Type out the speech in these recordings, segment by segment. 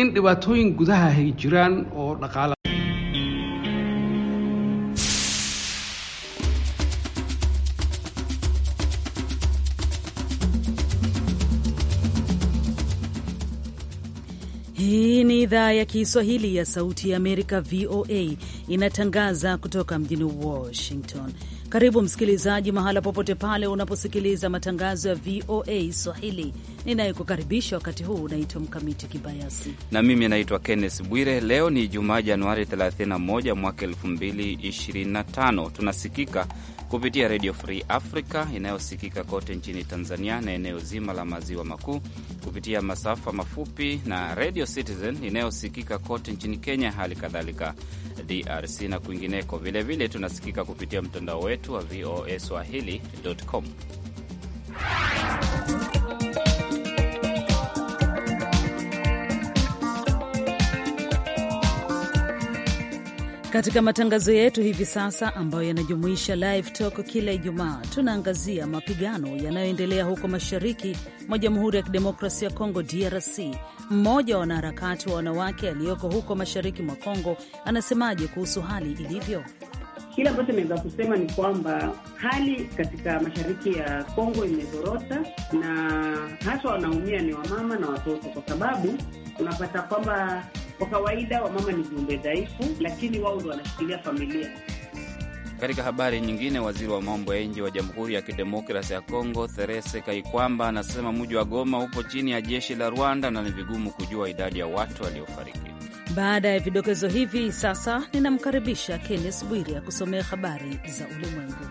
in dhibaatooyin gudaha ay jiraan oo dhaqaale Hii ni idhaa ya Kiswahili ya Sauti ya Amerika, VOA, inatangaza kutoka mjini Washington. Karibu msikilizaji, mahala popote pale unaposikiliza matangazo ya VOA Swahili. Ninayekukaribisha wakati huu unaitwa Mkamiti Kibayasi na mimi naitwa Kenneth Bwire. Leo ni Jumaa, Januari 31 mwaka 2025. Tunasikika kupitia Redio Free Africa inayosikika kote nchini Tanzania na eneo zima la maziwa makuu kupitia masafa mafupi na Redio Citizen inayosikika kote nchini Kenya, hali kadhalika DRC na kwingineko. Vilevile tunasikika kupitia mtandao wetu wa voa swahili.com. Katika matangazo yetu hivi sasa ambayo yanajumuisha live talk kila Ijumaa, tunaangazia mapigano yanayoendelea huko mashariki mwa Jamhuri ya Kidemokrasia ya Kongo, DRC. Mmoja wa wanaharakati wa wanawake aliyoko huko mashariki mwa Kongo anasemaje kuhusu hali ilivyo? Kile ambacho naweza kusema ni kwamba hali katika mashariki ya Kongo imezorota, na hasa wanaumia ni wamama na watoto, kwa sababu unapata kwamba kwa kawaida wamama ni viumbe dhaifu, lakini wao ndo wanashikilia familia. Katika habari nyingine, waziri wa mambo ya nje wa Jamhuri ya Kidemokrasi ya Kongo Therese Kaikwamba anasema mji wa Goma upo chini ya jeshi la Rwanda na ni vigumu kujua idadi ya watu waliofariki. Baada ya vidokezo hivi, sasa ninamkaribisha Kennes Bwiri ya kusomea habari za ulimwengu.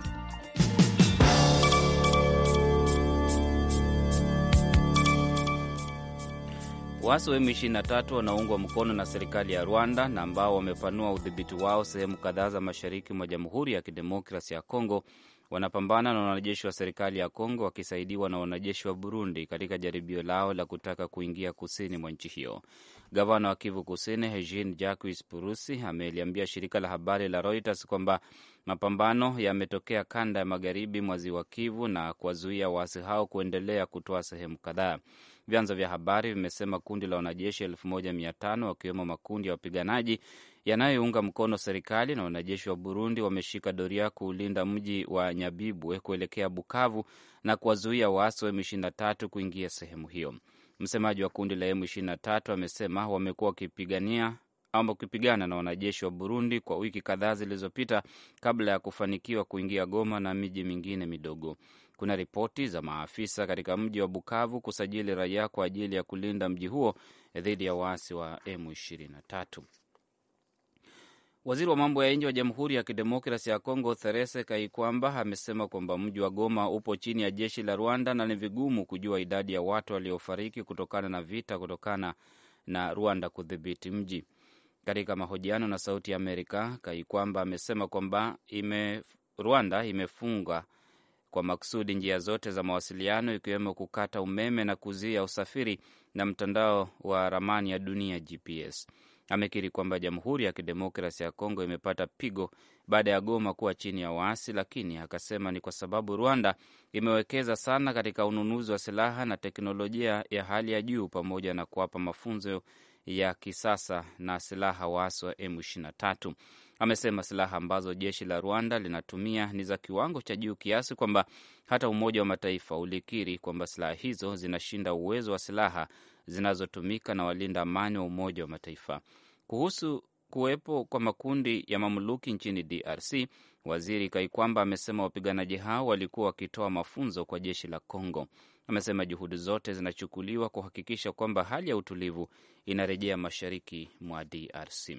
Waasi wa M23 wanaungwa mkono na serikali ya Rwanda na ambao wamepanua udhibiti wao sehemu kadhaa za mashariki mwa Jamhuri ya Kidemokrasi ya Kongo wanapambana na wanajeshi wa serikali ya Kongo wakisaidiwa na wanajeshi wa Burundi katika jaribio lao la kutaka kuingia kusini mwa nchi hiyo. Gavana wa Kivu Kusini, Jean Jacques Purusi, ameliambia shirika la habari la Reuters kwamba mapambano yametokea kanda ya magharibi mwa ziwa Kivu na kuwazuia waasi hao kuendelea kutoa sehemu kadhaa. Vyanzo vya habari vimesema kundi la wanajeshi elfu moja mia tano wakiwemo makundi ya wapiganaji yanayounga mkono serikali na wanajeshi wa Burundi wameshika doria kuulinda mji wa Nyabibwe kuelekea Bukavu na kuwazuia waasi wa M23 kuingia sehemu hiyo. Msemaji wa kundi la M23 amesema wamekuwa wakipigania ama kupigana na wanajeshi wa Burundi kwa wiki kadhaa zilizopita kabla ya kufanikiwa kuingia Goma na miji mingine midogo. Kuna ripoti za maafisa katika mji wa Bukavu kusajili raia kwa ajili ya kulinda mji huo dhidi ya waasi wa M23. Waziri wa mambo ya nje wa Jamhuri ya Kidemokrasi ya Kongo Therese Kaikwamba amesema kwamba mji wa Goma upo chini ya jeshi la Rwanda na ni vigumu kujua idadi ya watu waliofariki kutokana na vita kutokana na Rwanda kudhibiti mji. Katika mahojiano na Sauti ya Amerika, Kaikwamba amesema kwamba ime, Rwanda imefunga kwa makusudi njia zote za mawasiliano ikiwemo kukata umeme na kuzuia usafiri na mtandao wa ramani ya dunia GPS. Amekiri kwamba Jamhuri ya Kidemokrasi ya Kongo imepata pigo baada ya Goma kuwa chini ya waasi, lakini akasema ni kwa sababu Rwanda imewekeza sana katika ununuzi wa silaha na teknolojia ya hali ya juu pamoja na kuwapa mafunzo ya kisasa na silaha waasi wa M23. Amesema silaha ambazo jeshi la Rwanda linatumia ni za kiwango cha juu kiasi kwamba hata Umoja wa Mataifa ulikiri kwamba silaha hizo zinashinda uwezo wa silaha zinazotumika na walinda amani wa Umoja wa Mataifa. Kuhusu kuwepo kwa makundi ya mamluki nchini DRC, waziri Kaikwamba amesema wapiganaji hao walikuwa wakitoa mafunzo kwa jeshi la Congo. Amesema juhudi zote zinachukuliwa kuhakikisha kwamba hali ya utulivu inarejea mashariki mwa DRC.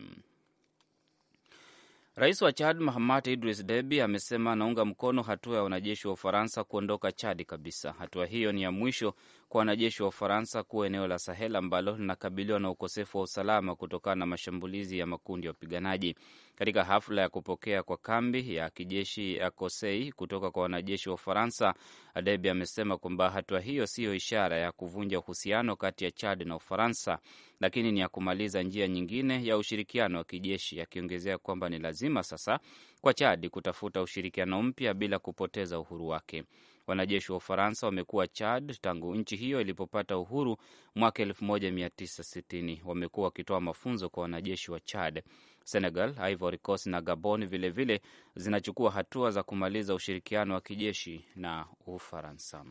Rais wa Chad Mahamat Idris Deby amesema anaunga mkono hatua ya wanajeshi wa Ufaransa kuondoka Chadi kabisa. Hatua hiyo ni ya mwisho kwa wanajeshi wa Ufaransa kuwa eneo la Sahel ambalo linakabiliwa na ukosefu wa usalama kutokana na mashambulizi ya makundi ya wapiganaji. Katika hafla ya kupokea kwa kambi ya kijeshi ya Kosei kutoka kwa wanajeshi wa Ufaransa, Adebi amesema kwamba hatua hiyo siyo ishara ya kuvunja uhusiano kati ya Chad na Ufaransa, lakini ni ya kumaliza njia nyingine ya ushirikiano wa kijeshi, akiongezea kwamba ni lazima sasa kwa Chad kutafuta ushirikiano mpya bila kupoteza uhuru wake. Wanajeshi wa Ufaransa wamekuwa Chad tangu nchi hiyo ilipopata uhuru mwaka 1960. Wamekuwa wakitoa mafunzo kwa wanajeshi wa Chad. Senegal, Ivory Coast na Gabon vilevile vile zinachukua hatua za kumaliza ushirikiano wa kijeshi na Ufaransa.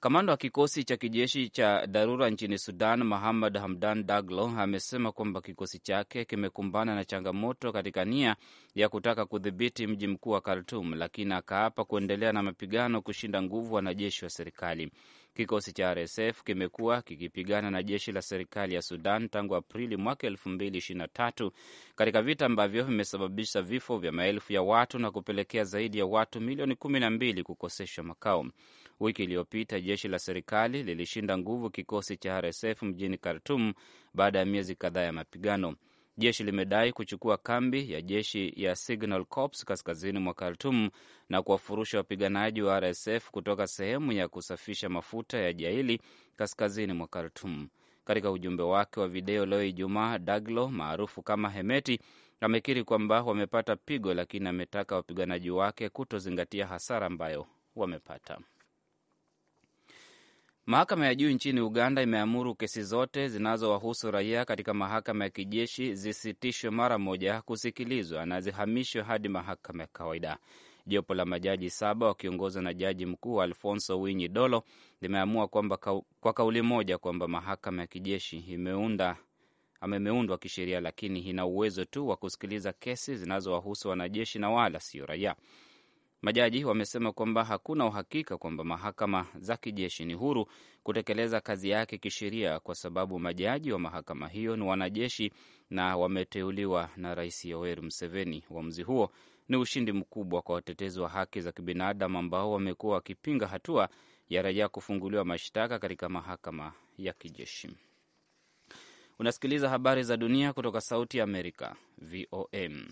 Kamanda wa kikosi cha kijeshi cha dharura nchini Sudan, Muhammad Hamdan Daglo, amesema kwamba kikosi chake kimekumbana na changamoto katika nia ya kutaka kudhibiti mji mkuu wa Khartum, lakini akaapa kuendelea na mapigano kushinda nguvu wanajeshi wa serikali. Kikosi cha RSF kimekuwa kikipigana na jeshi la serikali ya Sudan tangu Aprili mwaka tatu katika vita ambavyo vimesababisha vifo vya maelfu ya watu na kupelekea zaidi ya watu milioni na mbili kukosesha makao. Wiki iliyopita jeshi la serikali lilishinda nguvu kikosi cha RSF mjini Khartum baada ya miezi kadhaa ya mapigano. Jeshi limedai kuchukua kambi ya jeshi ya Signal Corps kaskazini mwa khartum na kuwafurusha wapiganaji wa RSF kutoka sehemu ya kusafisha mafuta ya Jaili kaskazini mwa khartum Katika ujumbe wake wa video leo Ijumaa, Daglo maarufu kama Hemeti amekiri kwamba wamepata pigo, lakini ametaka wapiganaji wake kutozingatia hasara ambayo wamepata. Mahakama ya juu nchini Uganda imeamuru kesi zote zinazowahusu raia katika mahakama ya kijeshi zisitishwe mara moja kusikilizwa na zihamishwe hadi mahakama ya kawaida. Jopo la majaji saba wakiongozwa na jaji mkuu Alfonso Winyi Dolo limeamua kwamba kwa kauli moja kwamba mahakama ya kijeshi imeunda amemeundwa kisheria, lakini ina uwezo tu wa kusikiliza kesi zinazowahusu wanajeshi na wala sio raia. Majaji wamesema kwamba hakuna uhakika kwamba mahakama za kijeshi ni huru kutekeleza kazi yake kisheria, kwa sababu majaji wa mahakama hiyo ni wanajeshi na wameteuliwa na Rais Yoweri Museveni. Uamuzi huo ni ushindi mkubwa kwa watetezi wa haki za kibinadamu ambao wamekuwa wakipinga hatua ya raia kufunguliwa mashtaka katika mahakama ya kijeshi. Unasikiliza habari za dunia kutoka Sauti ya Amerika, VOM.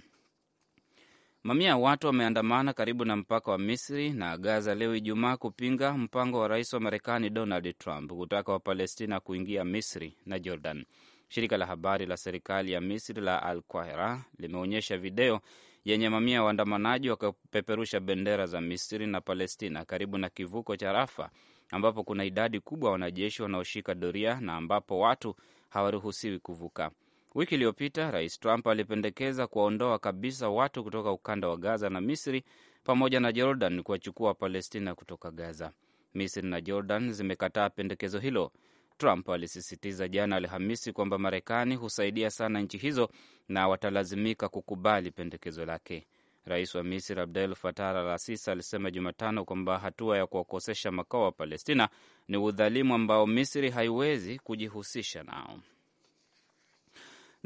Mamia ya watu wameandamana karibu na mpaka wa Misri na Gaza leo Ijumaa kupinga mpango wa rais wa Marekani Donald Trump kutaka Wapalestina kuingia Misri na Jordan. Shirika la habari la serikali ya Misri la Al Qahira limeonyesha video yenye mamia ya waandamanaji wakapeperusha bendera za Misri na Palestina karibu na kivuko cha Rafa ambapo kuna idadi kubwa ya wanajeshi wanaoshika doria na ambapo watu hawaruhusiwi kuvuka. Wiki iliyopita Rais Trump alipendekeza kuwaondoa kabisa watu kutoka ukanda wa Gaza na Misri pamoja na Jordan kuwachukua Palestina kutoka Gaza. Misri na Jordan zimekataa pendekezo hilo. Trump alisisitiza jana Alhamisi kwamba Marekani husaidia sana nchi hizo na watalazimika kukubali pendekezo lake. Rais wa Misri Abdel Fattah Al Sisi alisema Jumatano kwamba hatua ya kuwakosesha makao wa Palestina ni udhalimu ambao Misri haiwezi kujihusisha nao.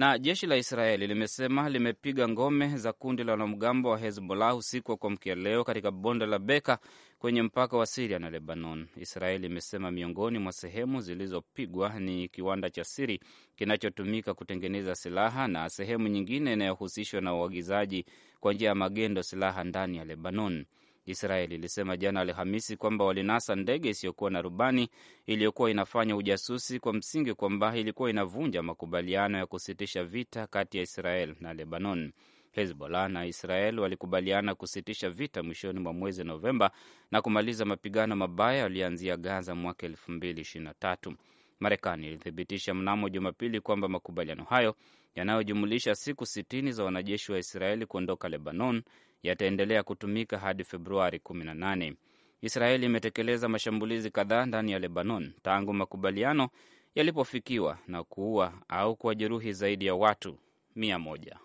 Na jeshi la Israeli limesema limepiga ngome za kundi la wanamgambo wa Hezbollah usiku wa kuamkia leo katika bonde la Beka kwenye mpaka wa Siria na Lebanon. Israeli imesema miongoni mwa sehemu zilizopigwa ni kiwanda cha siri kinachotumika kutengeneza silaha na sehemu nyingine inayohusishwa na uagizaji kwa njia ya magendo silaha ndani ya Lebanon. Israeli ilisema jana Alhamisi kwamba walinasa ndege isiyokuwa na rubani iliyokuwa inafanya ujasusi kwa msingi kwamba ilikuwa inavunja makubaliano ya kusitisha vita kati ya Israel na Lebanon. Hezbollah na Israel walikubaliana kusitisha vita mwishoni mwa mwezi Novemba na kumaliza mapigano mabaya yaliyoanzia Gaza mwaka tatu. Marekani ilithibitisha mnamo Jumapili kwamba makubaliano hayo yanayojumulisha siku sitini za wanajeshi wa Israeli kuondoka Lebanon yataendelea kutumika hadi Februari 18. Israeli imetekeleza mashambulizi kadhaa ndani ya Lebanon tangu makubaliano yalipofikiwa na kuua au kuwajeruhi zaidi ya watu mia moja.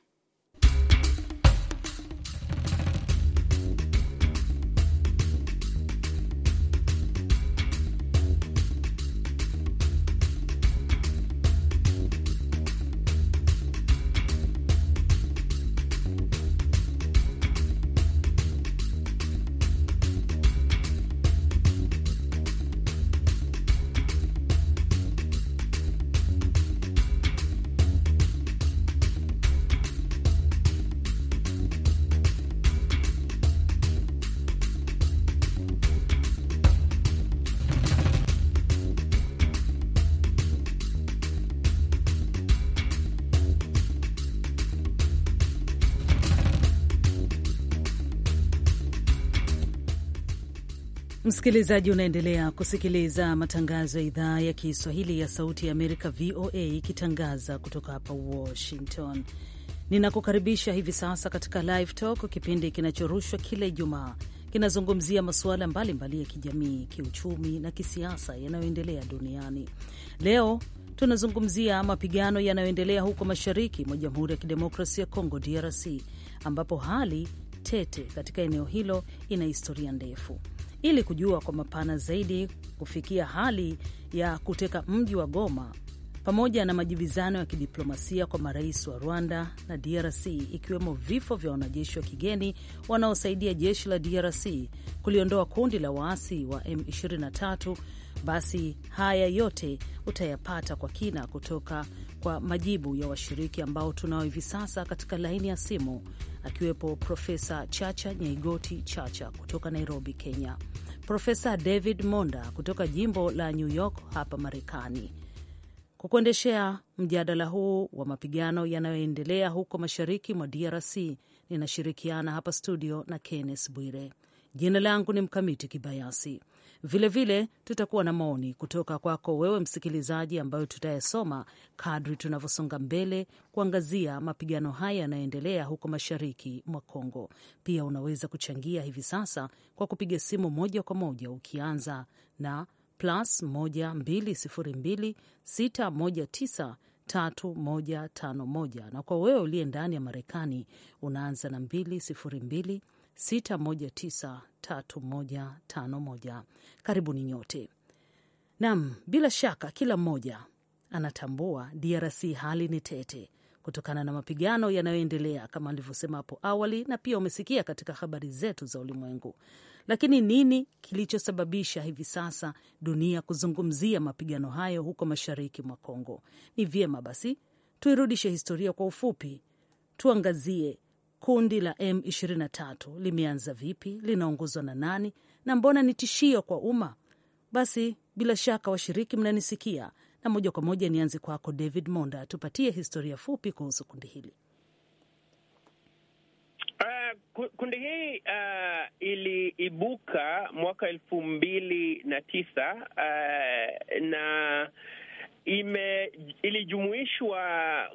Msikilizaji, unaendelea kusikiliza matangazo ya idhaa ya Kiswahili ya Sauti ya Amerika, VOA, ikitangaza kutoka hapa Washington. Ninakukaribisha hivi sasa katika Live Talk, kipindi kinachorushwa kila Ijumaa kinazungumzia masuala mbalimbali ya kijamii, kiuchumi na kisiasa yanayoendelea duniani. Leo tunazungumzia mapigano yanayoendelea huko mashariki mwa Jamhuri ya Kidemokrasia ya Kongo, DRC, ambapo hali tete katika eneo hilo ina historia ndefu ili kujua kwa mapana zaidi kufikia hali ya kuteka mji wa Goma pamoja na majibizano ya kidiplomasia kwa marais wa Rwanda na DRC ikiwemo vifo vya wanajeshi wa kigeni wanaosaidia jeshi la DRC kuliondoa kundi la waasi wa M23. Basi haya yote utayapata kwa kina kutoka kwa majibu ya washiriki ambao tunao hivi sasa katika laini ya simu, akiwepo Profesa Chacha Nyaigoti Chacha kutoka Nairobi, Kenya, Profesa David Monda kutoka jimbo la New York hapa Marekani, kwa kuendeshea mjadala huu wa mapigano yanayoendelea huko mashariki mwa DRC. Ninashirikiana hapa studio na Kenneth Bwire. Jina langu ni Mkamiti Kibayasi. Vilevile tutakuwa na maoni kutoka kwako wewe msikilizaji, ambayo tutayasoma kadri tunavyosonga mbele kuangazia mapigano haya yanayoendelea huko mashariki mwa Kongo. Pia unaweza kuchangia hivi sasa kwa kupiga simu moja kwa moja ukianza na plus 12026193151 na kwa wewe uliye ndani ya Marekani unaanza na 202 6193151. Karibuni nyote. Naam, bila shaka kila mmoja anatambua DRC hali ni tete kutokana na mapigano yanayoendelea kama alivyosema hapo awali, na pia umesikia katika habari zetu za ulimwengu. Lakini nini kilichosababisha hivi sasa dunia kuzungumzia mapigano hayo huko mashariki mwa Kongo? Ni vyema basi tuirudishe historia kwa ufupi, tuangazie kundi la M23 limeanza vipi, linaongozwa na nani, na mbona ni tishio kwa umma? Basi bila shaka washiriki mnanisikia, na moja kwa moja nianze kwako David Monda, tupatie historia fupi kuhusu kundi hili. Uh, kundi hii uh, iliibuka mwaka elfu mbili na tisa uh, na ime ilijumuishwa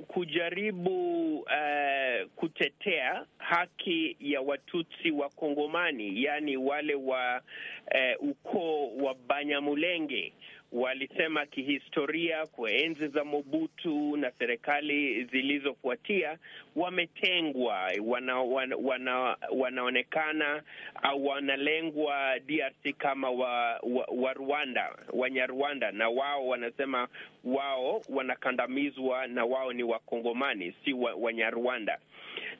kujaribu uh, kutetea haki ya Watutsi wa Kongomani, yaani wale wa uh, ukoo wa Banyamulenge walisema kihistoria, kwa enzi za Mobutu na serikali zilizofuatia, wametengwa, wana, wana, wana, wanaonekana au wanalengwa DRC kama wa, wa, wa Rwanda, Wanyarwanda, na wao wanasema wao wanakandamizwa na wao ni Wakongomani, si Wanyarwanda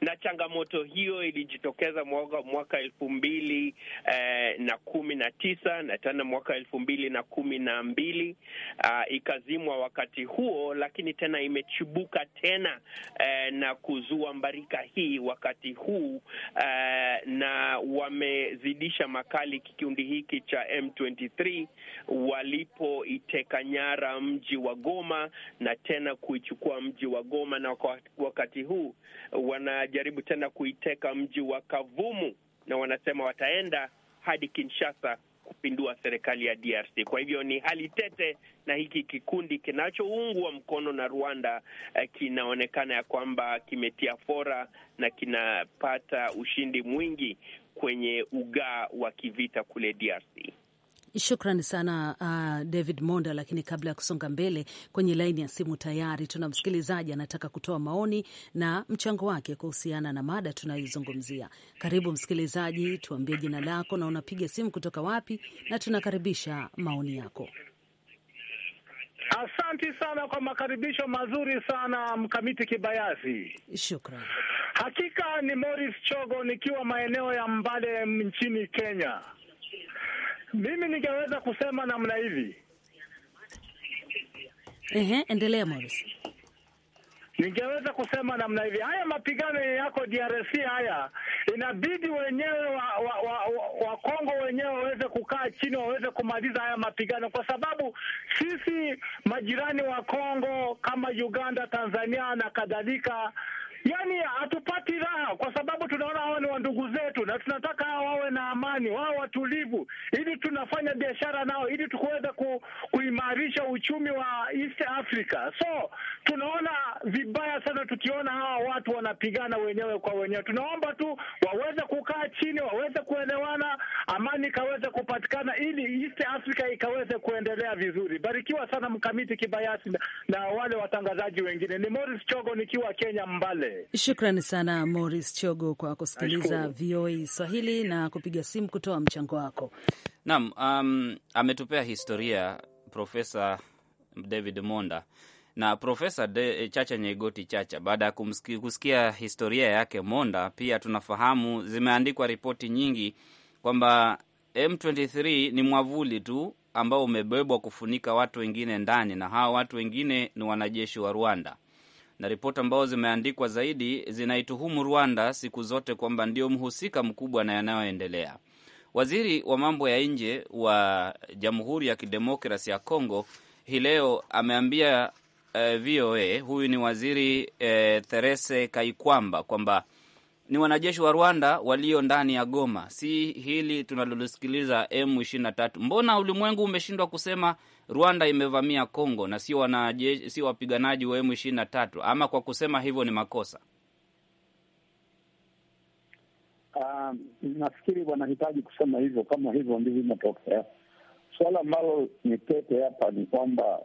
na changamoto hiyo ilijitokeza mwaka, mwaka elfu mbili eh, na kumi na tisa na tena mwaka elfu mbili na kumi na mbili pili uh, ikazimwa wakati huo, lakini tena imechibuka tena uh, na kuzua mbarika hii wakati huu uh, na wamezidisha makali kikundi hiki cha M23 walipoiteka nyara mji wa Goma na tena kuichukua mji wa Goma, na wakati huu wanajaribu tena kuiteka mji wa Kavumu na wanasema wataenda hadi Kinshasa kupindua serikali ya DRC. Kwa hivyo ni hali tete, na hiki kikundi kinachoungwa mkono na Rwanda eh, kinaonekana ya kwamba kimetia fora na kinapata ushindi mwingi kwenye ugaa wa kivita kule DRC. Shukran sana uh, David Monda. Lakini kabla ya kusonga mbele, kwenye laini ya simu tayari tuna msikilizaji anataka kutoa maoni na mchango wake kuhusiana na mada tunayoizungumzia. Karibu msikilizaji, tuambie jina lako na unapiga simu kutoka wapi, na tunakaribisha maoni yako. Asanti sana kwa makaribisho mazuri sana Mkamiti Kibayasi, shukran. Hakika ni Morris Chogo nikiwa maeneo ya Mbale nchini Kenya. Mimi ningeweza kusema namna hivi. Ehe, endelea Morris. Ningeweza kusema namna hivi, haya mapigano yako DRC haya, inabidi wenyewe Wakongo wa, wa, wa wenyewe waweze kukaa chini, waweze kumaliza haya mapigano, kwa sababu sisi majirani wa Kongo kama Uganda, Tanzania na kadhalika yani hatupati raha kwa sababu tunaona hawa ni wandugu zetu, na tunataka hawa wawe na amani, wawe watulivu, ili tunafanya biashara nao, ili tukuweza ku, kuimarisha uchumi wa East Africa. So tunaona vibaya sana tukiona hawa watu wanapigana wenyewe kwa wenyewe. Tunaomba tu waweze kukaa chini, waweze kuelewana, amani ikaweze kupatikana, ili East Africa ikaweze kuendelea vizuri. Barikiwa sana Mkamiti Kibayasi na wale watangazaji wengine. Ni Morris Chogo nikiwa Kenya, Mbale. Shukrani sana moris Chogo kwa kusikiliza VOA Swahili na kupiga simu kutoa mchango wako. Naam, um, ametupea historia Profesa David Monda na Profesa eh, Chacha Nyegoti Chacha. Baada ya kusikia historia yake Monda, pia tunafahamu zimeandikwa ripoti nyingi kwamba M23 ni mwavuli tu ambao umebebwa kufunika watu wengine ndani, na hawa watu wengine ni wanajeshi wa Rwanda na ripoti ambazo zimeandikwa zaidi zinaituhumu Rwanda siku zote kwamba ndio mhusika mkubwa na yanayoendelea. Waziri wa mambo ya nje wa Jamhuri ya Kidemokrasi ya congo hii leo ameambia eh, VOA huyu ni waziri eh, Therese Kaikwamba kwamba ni wanajeshi wa Rwanda walio ndani ya Goma, si hili tunalolisikiliza M23. Mbona ulimwengu umeshindwa kusema Rwanda imevamia Kongo na si si wapiganaji wa emu ishirini na tatu, ama kwa kusema hivyo ni makosa? Ah, nafikiri wanahitaji kusema hivyo, kama hivyo ndivyo imetokea. Suala ambalo ni tete hapa ni kwamba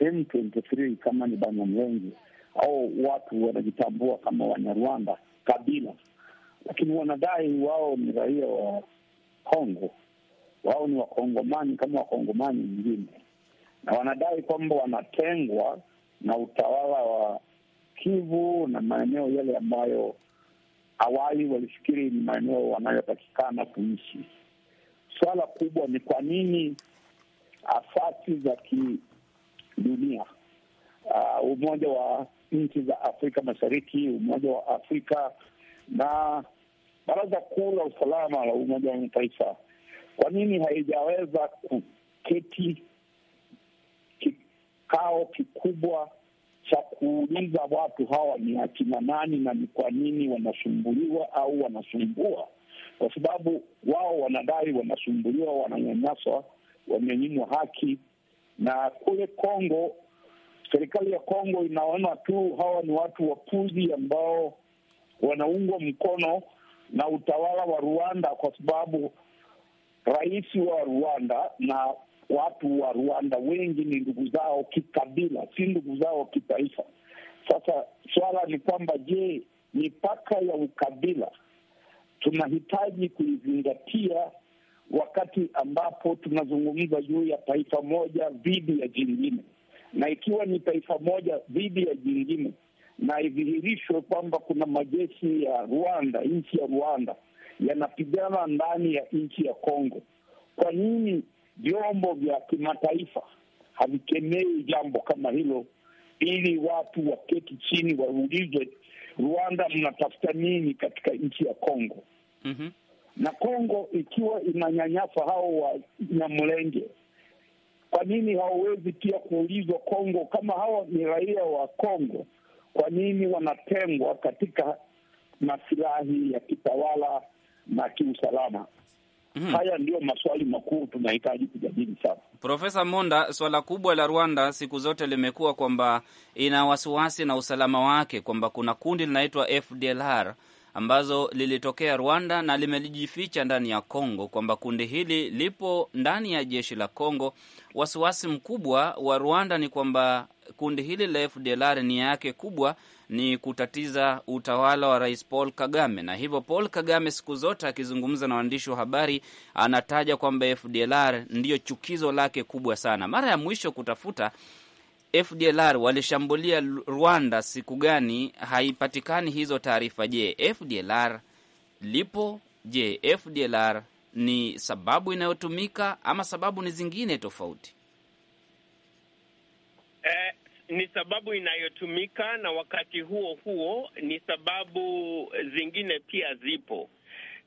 M23 kama ni Banyamulenge au watu wanajitambua kama Wanyarwanda kabila, lakini wanadai wao ni raia wa Kongo, wao ni Wakongomani kama Wakongomani wengine na wanadai kwamba wanatengwa na utawala wa Kivu na maeneo yale ambayo awali walifikiri ni maeneo wanayotakikana kuishi. Swala kubwa ni kwa nini asasi za kidunia, uh, Umoja wa Nchi za Afrika Mashariki, Umoja wa Afrika na Baraza Kuu la Usalama la Umoja wa Mataifa, kwa nini haijaweza kuketi kikao kikubwa cha kuuliza watu hawa ni akina nani na ni kwa nini wanasumbuliwa au wanasumbua, kwa sababu wao wanadai wanasumbuliwa, wananyanyaswa, wamenyimwa haki. Na kule Kongo, serikali ya Kongo inaona tu hawa ni watu wapuzi ambao wanaungwa mkono na utawala wa Rwanda, kwa sababu rais wa Rwanda na watu wa Rwanda wengi ni ndugu zao kikabila, si ndugu zao kitaifa. Sasa swala ni kwamba, je, mipaka ya ukabila tunahitaji kuizingatia wakati ambapo tunazungumza juu ya taifa moja dhidi ya jingine, na ikiwa ni taifa moja dhidi ya jingine, na idhihirishwe kwamba kuna majeshi ya Rwanda, nchi ya Rwanda yanapigana ndani ya nchi ya Kongo. Kwa nini vyombo vya kimataifa havikemei jambo kama hilo, ili watu waketi chini waulizwe, Rwanda mnatafuta nini katika nchi ya Kongo? mm -hmm. na Kongo ikiwa inanyanyasa hao wa Nyamulenge, kwa nini hawawezi pia kuulizwa Kongo, kama hawa ni raia wa Kongo, kwa nini wanatengwa katika masilahi ya kitawala na kiusalama? Mm. Haya ndiyo maswali makuu tunahitaji kujadili sasa. Profesa Monda, swala kubwa la Rwanda siku zote limekuwa kwamba ina wasiwasi na usalama wake, kwamba kuna kundi linaitwa FDLR ambazo lilitokea Rwanda na limejificha ndani ya Kongo, kwamba kundi hili lipo ndani ya jeshi la Kongo. Wasiwasi mkubwa wa Rwanda ni kwamba kundi hili la FDLR ni yake kubwa ni kutatiza utawala wa Rais Paul Kagame, na hivyo Paul Kagame siku zote akizungumza na waandishi wa habari anataja kwamba FDLR ndiyo chukizo lake kubwa sana. Mara ya mwisho kutafuta FDLR walishambulia Rwanda siku gani? Haipatikani hizo taarifa. Je, FDLR lipo? Je, FDLR ni sababu inayotumika ama sababu ni zingine tofauti? Eh, ni sababu inayotumika, na wakati huo huo ni sababu zingine pia zipo.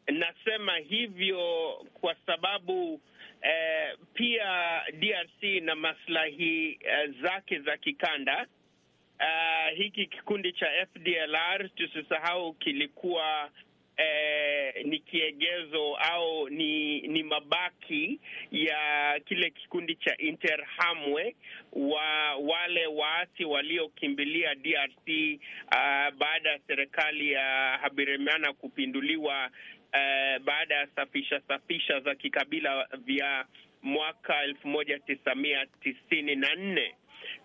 Nasema hivyo kwa sababu eh, pia DRC na maslahi eh, zake za kikanda. Uh, hiki kikundi cha FDLR tusisahau kilikuwa eh, ni kiegezo au ni ni mabaki ya kile kikundi cha Interhamwe wa wale waasi waliokimbilia DRC uh, eh, baada ya serikali ya uh, Habyarimana kupinduliwa uh, baada ya safisha safisha za kikabila vya mwaka elfu moja tisa mia tisini na nne.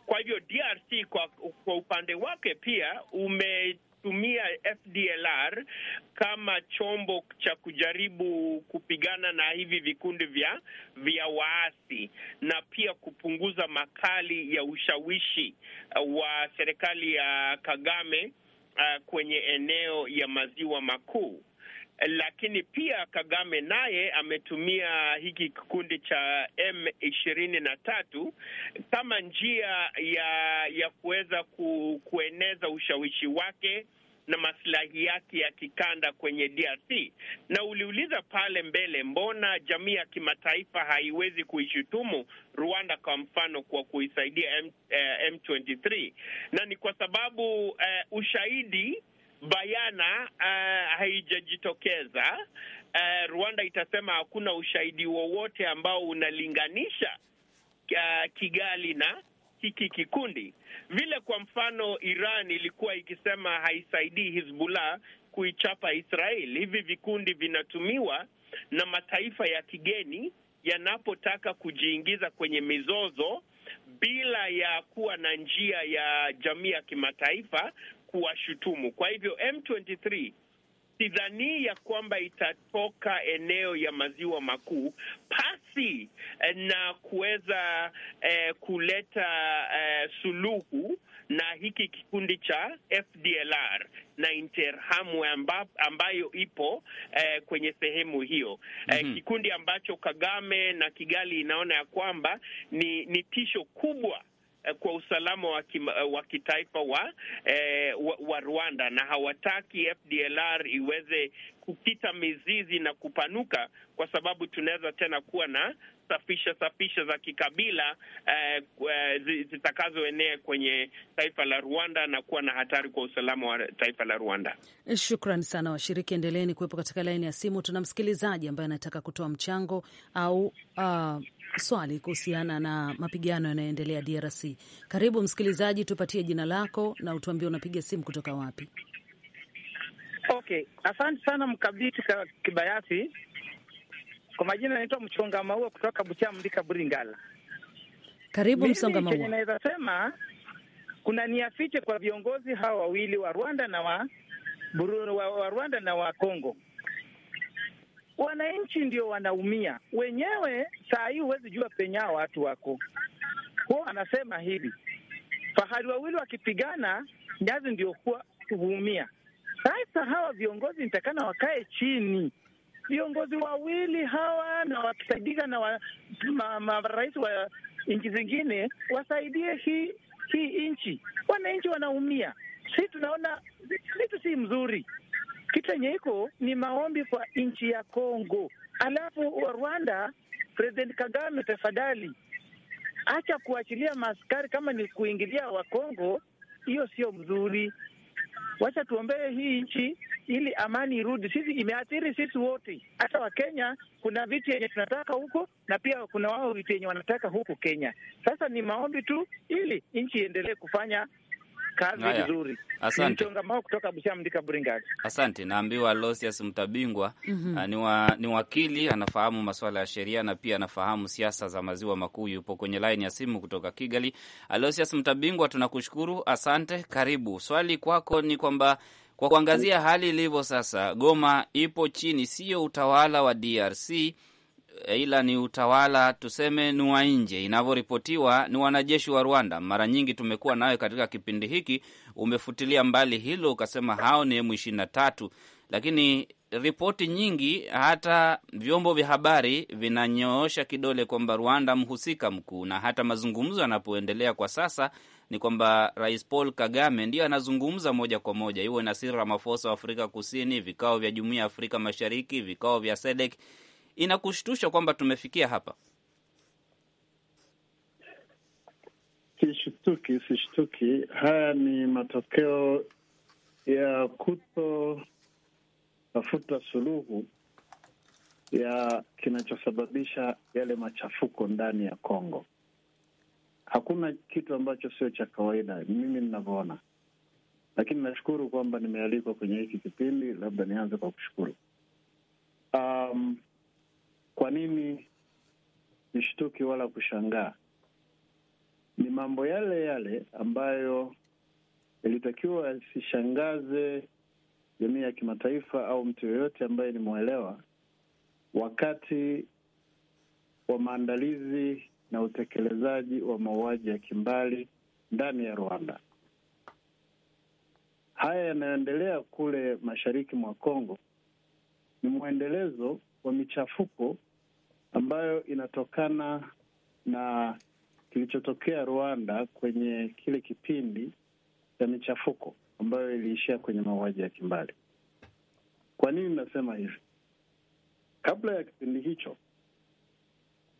Kwa hivyo DRC kwa, kwa upande wake pia ume kutumia FDLR kama chombo cha kujaribu kupigana na hivi vikundi vya vya waasi na pia kupunguza makali ya ushawishi uh, wa serikali ya Kagame uh, kwenye eneo ya maziwa makuu lakini pia Kagame naye ametumia hiki kikundi cha M ishirini na tatu kama njia ya ya kuweza ku, kueneza ushawishi wake na masilahi yake ya kikanda kwenye DRC. Na uliuliza pale mbele, mbona jamii ya kimataifa haiwezi kuishutumu Rwanda kwa mfano kwa kuisaidia M, eh, M23? Na ni kwa sababu eh, ushahidi bayana uh, haijajitokeza. Uh, Rwanda itasema hakuna ushahidi wowote ambao unalinganisha uh, Kigali na hiki kikundi. Vile kwa mfano, Iran ilikuwa ikisema haisaidii Hizbullah kuichapa Israel. Hivi vikundi vinatumiwa na mataifa ya kigeni yanapotaka kujiingiza kwenye mizozo bila ya kuwa na njia ya jamii ya kimataifa kuwashutumu. Kwa hivyo M23 sidhani ya kwamba itatoka eneo ya maziwa makuu pasi eh, na kuweza eh, kuleta eh, suluhu na hiki kikundi cha FDLR na Interahamwe ambayo ipo eh, kwenye sehemu hiyo eh, mm -hmm. Kikundi ambacho Kagame na Kigali inaona ya kwamba ni, ni tisho kubwa Eh, kwa usalama eh, wa, kitaifa wa, eh, wa, wa Rwanda na hawataki FDLR iweze kupita mizizi na kupanuka, kwa sababu tunaweza tena kuwa na safisha safisha za kikabila eh, eh zitakazoenea kwenye taifa la Rwanda na kuwa na hatari kwa usalama wa taifa la Rwanda. Shukran sana washiriki, endeleeni kuwepo katika laini ya simu. Tuna msikilizaji ambaye anataka kutoa mchango au uh, swali kuhusiana na mapigano yanayoendelea DRC. Karibu msikilizaji, tupatie jina lako na utuambie unapiga simu kutoka wapi. Okay, asante sana Mkabiti Kibayasi. Kwa majina naitwa Mchonga Maua kutoka Buchambika Buringala. Karibu Msonga Maua. Naweza sema kuna nia fiche kwa viongozi hawa wawili wa Rwanda na wa, wa, wa Rwanda na wa Kongo wananchi ndio wanaumia wenyewe. Saa hii huwezi jua penyao watu wako ko. Anasema hivi, fahari wawili wakipigana, nyazi ndio kuwa huumia. Sasa hawa viongozi nitakana wakae chini, viongozi wawili hawa, na wakisaidika na marais wa nchi zingine wasaidie hii hii nchi. Wananchi wanaumia, si tunaona vitu si mzuri kitu yenye iko ni maombi kwa nchi ya Kongo. Alafu wa Rwanda, President Kagame, tafadhali acha kuachilia maskari Kama ni kuingilia wa Kongo, hiyo sio mzuri. Wacha tuombee hii nchi ili amani irudi. Sisi imeathiri sisi wote, hata Wakenya. Kuna viti yenye tunataka huko na pia kuna wao viti yenye wanataka huku Kenya. Sasa ni maombi tu ili nchi iendelee kufanya Kazi vizuri. Asante. Kutoka Mdika Buringa. Asante. Naambiwa Losius Mtabingwa mm -hmm. Ah, ni, wa, ni wakili anafahamu masuala ya sheria na pia anafahamu siasa za maziwa makuu. Yupo kwenye laini ya simu kutoka Kigali. Losius Mtabingwa, tunakushukuru, asante, karibu. Swali kwako ni kwamba kwa kuangazia hali ilivyo sasa, Goma ipo chini, sio utawala wa DRC ila ni utawala tuseme ni wa nje. Inavyoripotiwa ni wanajeshi wa Rwanda. Mara nyingi tumekuwa nayo katika kipindi hiki, umefutilia mbali hilo ukasema hao ni emu ishirini na tatu, lakini ripoti nyingi hata vyombo vya habari vinanyoosha kidole kwamba Rwanda mhusika mkuu, na hata mazungumzo yanapoendelea kwa sasa ni kwamba Rais Paul Kagame ndiyo anazungumza moja kwa moja, iwe na Cyril Ramaphosa wa Afrika Kusini, vikao vya Jumuiya ya Afrika Mashariki, vikao vya SADC inakushtusha kwamba tumefikia hapa? Sishtuki, sishtuki. Haya ni matokeo ya kutotafuta suluhu ya kinachosababisha yale machafuko ndani ya Kongo. Hakuna kitu ambacho sio cha kawaida, mimi ninavyoona, lakini nashukuru kwamba nimealikwa kwenye hiki kipindi. Labda nianze kwa kushukuru um, kwa nini nishtuki wala kushangaa? Ni mambo yale yale ambayo yalitakiwa yasishangaze jamii ya kimataifa au mtu yoyote ambaye ni mwelewa wakati wa maandalizi na utekelezaji wa mauaji ya kimbali ndani ya Rwanda. Haya yanayoendelea kule mashariki mwa Kongo ni mwendelezo wa michafuko ambayo inatokana na kilichotokea Rwanda kwenye kile kipindi cha michafuko ambayo iliishia kwenye mauaji ya kimbali. Kwa nini nasema hivi? Kabla ya kipindi hicho,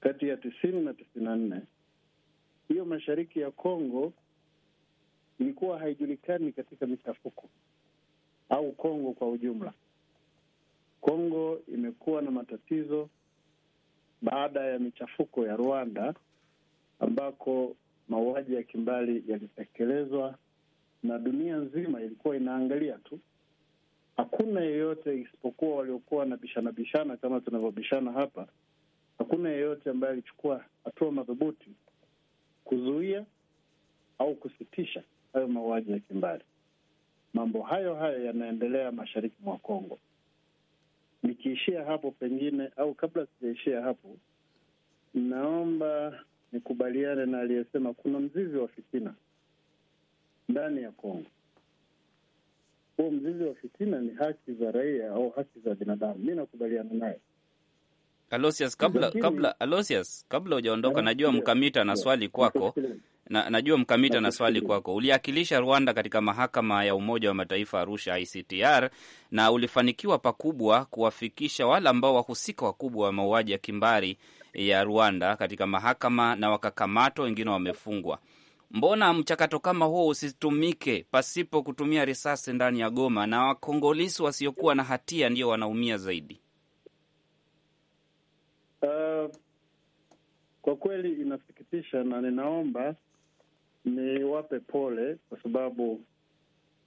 kati ya tisini na tisini na nne, hiyo mashariki ya Kongo ilikuwa haijulikani katika michafuko au Kongo kwa ujumla. Kongo imekuwa na matatizo baada ya michafuko ya Rwanda ambako mauaji ya kimbali yalitekelezwa na dunia nzima ilikuwa inaangalia tu. Hakuna yeyote isipokuwa waliokuwa wanabishana bishana kama tunavyobishana hapa, hakuna yeyote ambaye alichukua hatua madhubuti kuzuia au kusitisha hayo mauaji ya kimbali. Mambo hayo hayo yanaendelea mashariki mwa Kongo. Nikiishia hapo pengine, au kabla sijaishia hapo, naomba nikubaliane na aliyesema kuna mzizi wa fitina ndani ya Kongo. Huo mzizi wa fitina ni haki za raia au haki za binadamu. Mi nakubaliana naye Alosias, kabla kabla kabla hujaondoka, najua mkamita na swali kwako na, najua mkamita na swali kwako. Uliakilisha Rwanda katika mahakama ya Umoja wa Mataifa Arusha, ICTR, na ulifanikiwa pakubwa kuwafikisha wale ambao wahusika wakubwa wa mauaji ya kimbari ya Rwanda katika mahakama na wakakamatwa, wengine wamefungwa. Mbona mchakato kama huo usitumike pasipo kutumia risasi ndani ya Goma, na wakongolisi wasiokuwa na hatia ndio wanaumia zaidi? Uh, kwa kweli inasikitisha na ninaomba niwape pole kwa sababu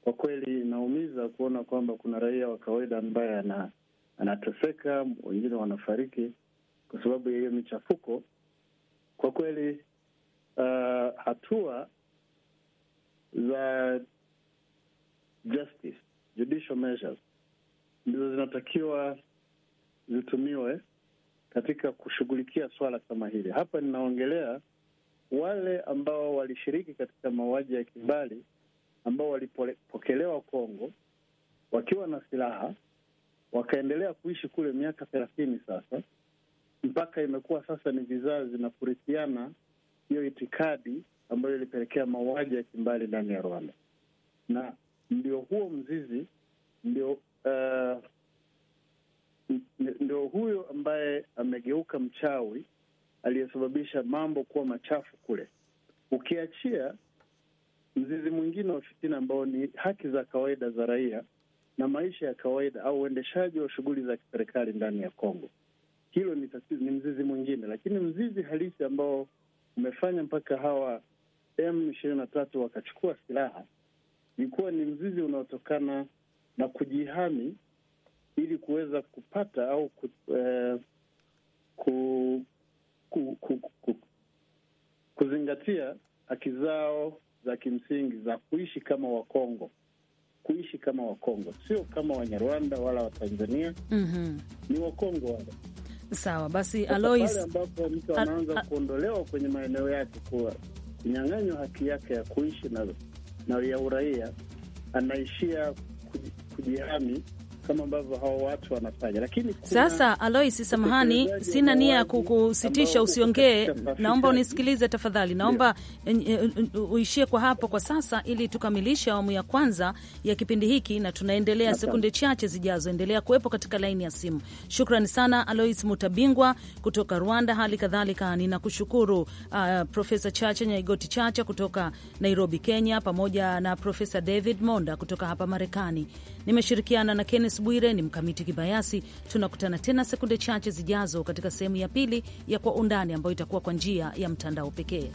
kwa kweli inaumiza kuona kwamba kuna raia wa kawaida ambaye ana, anateseka, wengine wanafariki kwa sababu ya hiyo michafuko. Kwa kweli uh, hatua za justice judicial measures ndizo zinatakiwa zitumiwe katika kushughulikia swala kama hili. Hapa ninaongelea wale ambao walishiriki katika mauaji ya kimbali ambao walipokelewa Kongo wakiwa na silaha wakaendelea kuishi kule miaka thelathini sasa, mpaka imekuwa sasa ni vizazi na kurithiana hiyo itikadi ambayo ilipelekea mauaji ya kimbali ndani ya Rwanda, na ndio huo mzizi ndio uh, ndio huyo ambaye amegeuka mchawi aliyesababisha mambo kuwa machafu kule, ukiachia mzizi mwingine wa fitina ambao ni haki za kawaida za raia na maisha ya kawaida au uendeshaji wa shughuli za kiserikali ndani ya Kongo. Hilo ni, ni mzizi mwingine, lakini mzizi halisi ambao umefanya mpaka hawa M ishirini na tatu wakachukua silaha kuwa ni mzizi unaotokana na kujihami ili kuweza kupata au ku, eh, ku, ku, ku, ku, kuzingatia haki zao za kimsingi za kuishi kama Wakongo, kuishi kama Wakongo, sio kama Wanyarwanda wala Watanzania. mm -hmm. Ni Wakongo wale. Sawa basi, Alois, ambapo mtu anaanza kuondolewa kwenye maeneo yake, kuwa kinyang'anywa haki yake ya kuishi na, na ya uraia, anaishia kujihami kama ambavyo hao watu wanafanya. Lakini sasa, Alois, samahani, sina nia ya kukusitisha usiongee, naomba unisikilize tafadhali, naomba eh, eh, eh, uishie kwa hapo kwa sasa, ili tukamilishe awamu ya kwanza ya kipindi hiki, na tunaendelea sekunde chache zijazo. Endelea kuwepo katika laini ya simu. Shukrani sana Alois Mutabingwa kutoka Rwanda, hali kadhalika ninakushukuru uh, Profesa Chacha Nyaigoti Chacha kutoka Nairobi, Kenya, pamoja na Profesa David Monda kutoka hapa Marekani. Nimeshirikiana na Kenneth Bwire, ni Mkamiti Kibayasi. Tunakutana tena sekunde chache zijazo katika sehemu ya pili ya Kwa Undani ambayo itakuwa kwa njia ya mtandao pekee.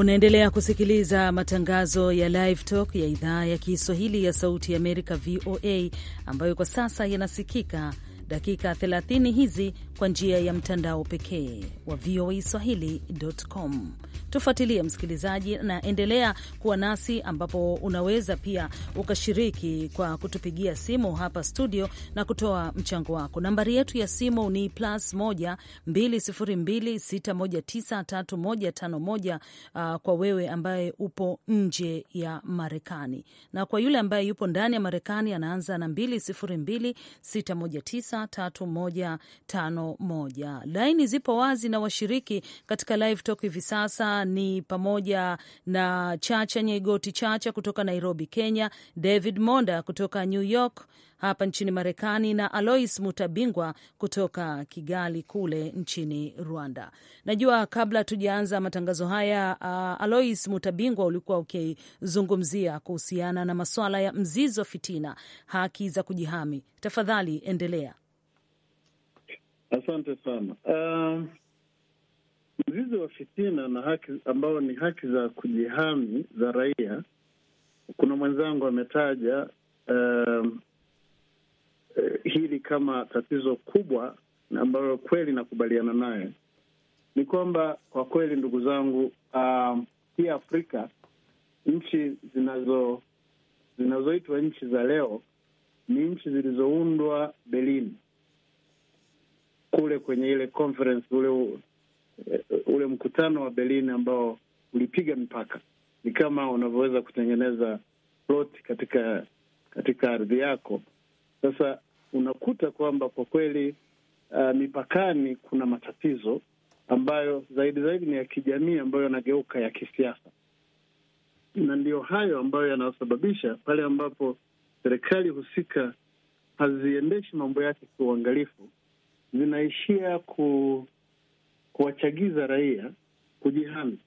Unaendelea kusikiliza matangazo ya Live Talk ya idhaa ya Kiswahili ya Sauti ya Amerika, VOA, ambayo kwa sasa yanasikika dakika 30 hizi kwa njia ya mtandao pekee wa VOA Swahili.com. Tufuatilie msikilizaji, na endelea kuwa nasi, ambapo unaweza pia ukashiriki kwa kutupigia simu hapa studio na kutoa mchango wako. Nambari yetu ya simu ni plus 1 202 619 3151 uh, kwa wewe ambaye upo nje ya Marekani, na kwa yule ambaye yupo ndani ya Marekani anaanza na 202 619 3151 moja. Laini zipo wazi na washiriki katika live talk hivi sasa ni pamoja na Chacha nyegoti Chacha kutoka Nairobi, Kenya, David Monda kutoka New York hapa nchini Marekani na Alois Mutabingwa kutoka Kigali kule nchini Rwanda. Najua kabla tujaanza matangazo haya uh, Alois Mutabingwa, ulikuwa ukizungumzia kuhusiana na masuala ya mzizo fitina, haki za kujihami. Tafadhali endelea. Asante sana. Uh, mzizi wa fitina na haki ambao ni haki za kujihami za raia, kuna mwenzangu ametaja uh, hili kama tatizo kubwa ambayo kweli nakubaliana naye. Ni kwamba kwa kweli, ndugu zangu, uh, hii Afrika nchi zinazo zinazoitwa nchi za leo ni nchi zilizoundwa Berlin kule kwenye ile conference, ule eh, ule mkutano wa Berlin ambao ulipiga mipaka. Ni kama unavyoweza kutengeneza plot katika katika ardhi yako. Sasa unakuta kwamba kwa kweli uh, mipakani kuna matatizo ambayo zaidi zaidi ni ya kijamii ambayo yanageuka ya kisiasa, na ndiyo hayo ambayo yanayosababisha pale ambapo serikali husika haziendeshi mambo yake kwa uangalifu, zinaishia ku, kuwachagiza raia kujihami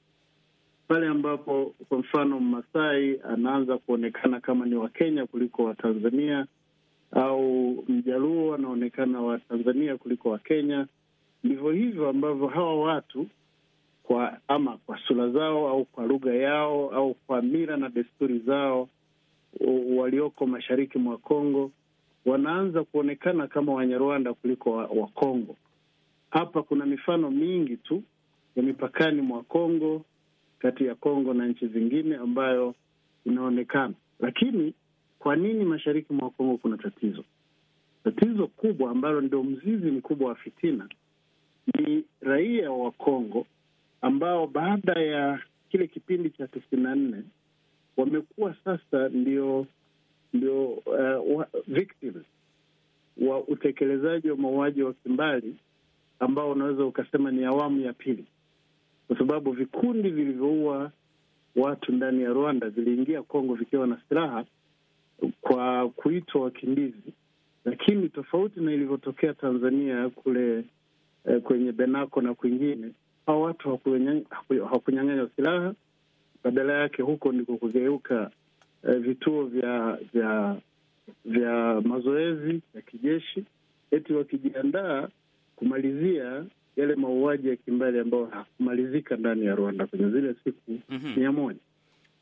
pale ambapo kwa mfano Mmasai anaanza kuonekana kama ni Wakenya kuliko Watanzania au Mjaluo anaonekana Watanzania kuliko Wakenya. Ndivyo hivyo ambavyo hawa watu kwa ama kwa sura zao au kwa lugha yao au kwa mira na desturi zao walioko mashariki mwa Kongo wanaanza kuonekana kama Wanyarwanda kuliko Wakongo wa hapa kuna mifano mingi tu ya mipakani mwa Kongo, kati ya Kongo na nchi zingine ambayo inaonekana. Lakini kwa nini mashariki mwa Kongo kuna tatizo? Tatizo kubwa ambalo ndio mzizi mkubwa wa fitina ni raia wa Kongo ambao baada ya kile kipindi cha tisini na nne wamekuwa sasa ndio ndio uh, eh, victims wa utekelezaji wa mauaji wa kimbali ambao unaweza ukasema ni awamu ya pili, kwa sababu vikundi vilivyoua watu ndani ya Rwanda viliingia Kongo vikiwa na silaha kwa kuitwa wakimbizi, lakini tofauti na ilivyotokea Tanzania kule eh, kwenye Benako na kwingine, hao watu hawakunyang'anywa silaha, badala yake huko ndiko kugeuka eh, vituo vya vya vya mazoezi ya kijeshi, eti wakijiandaa kumalizia yale mauaji ya kimbali ambayo hakumalizika ndani ya Rwanda kwenye zile siku mhm. mia mm -hmm. moja.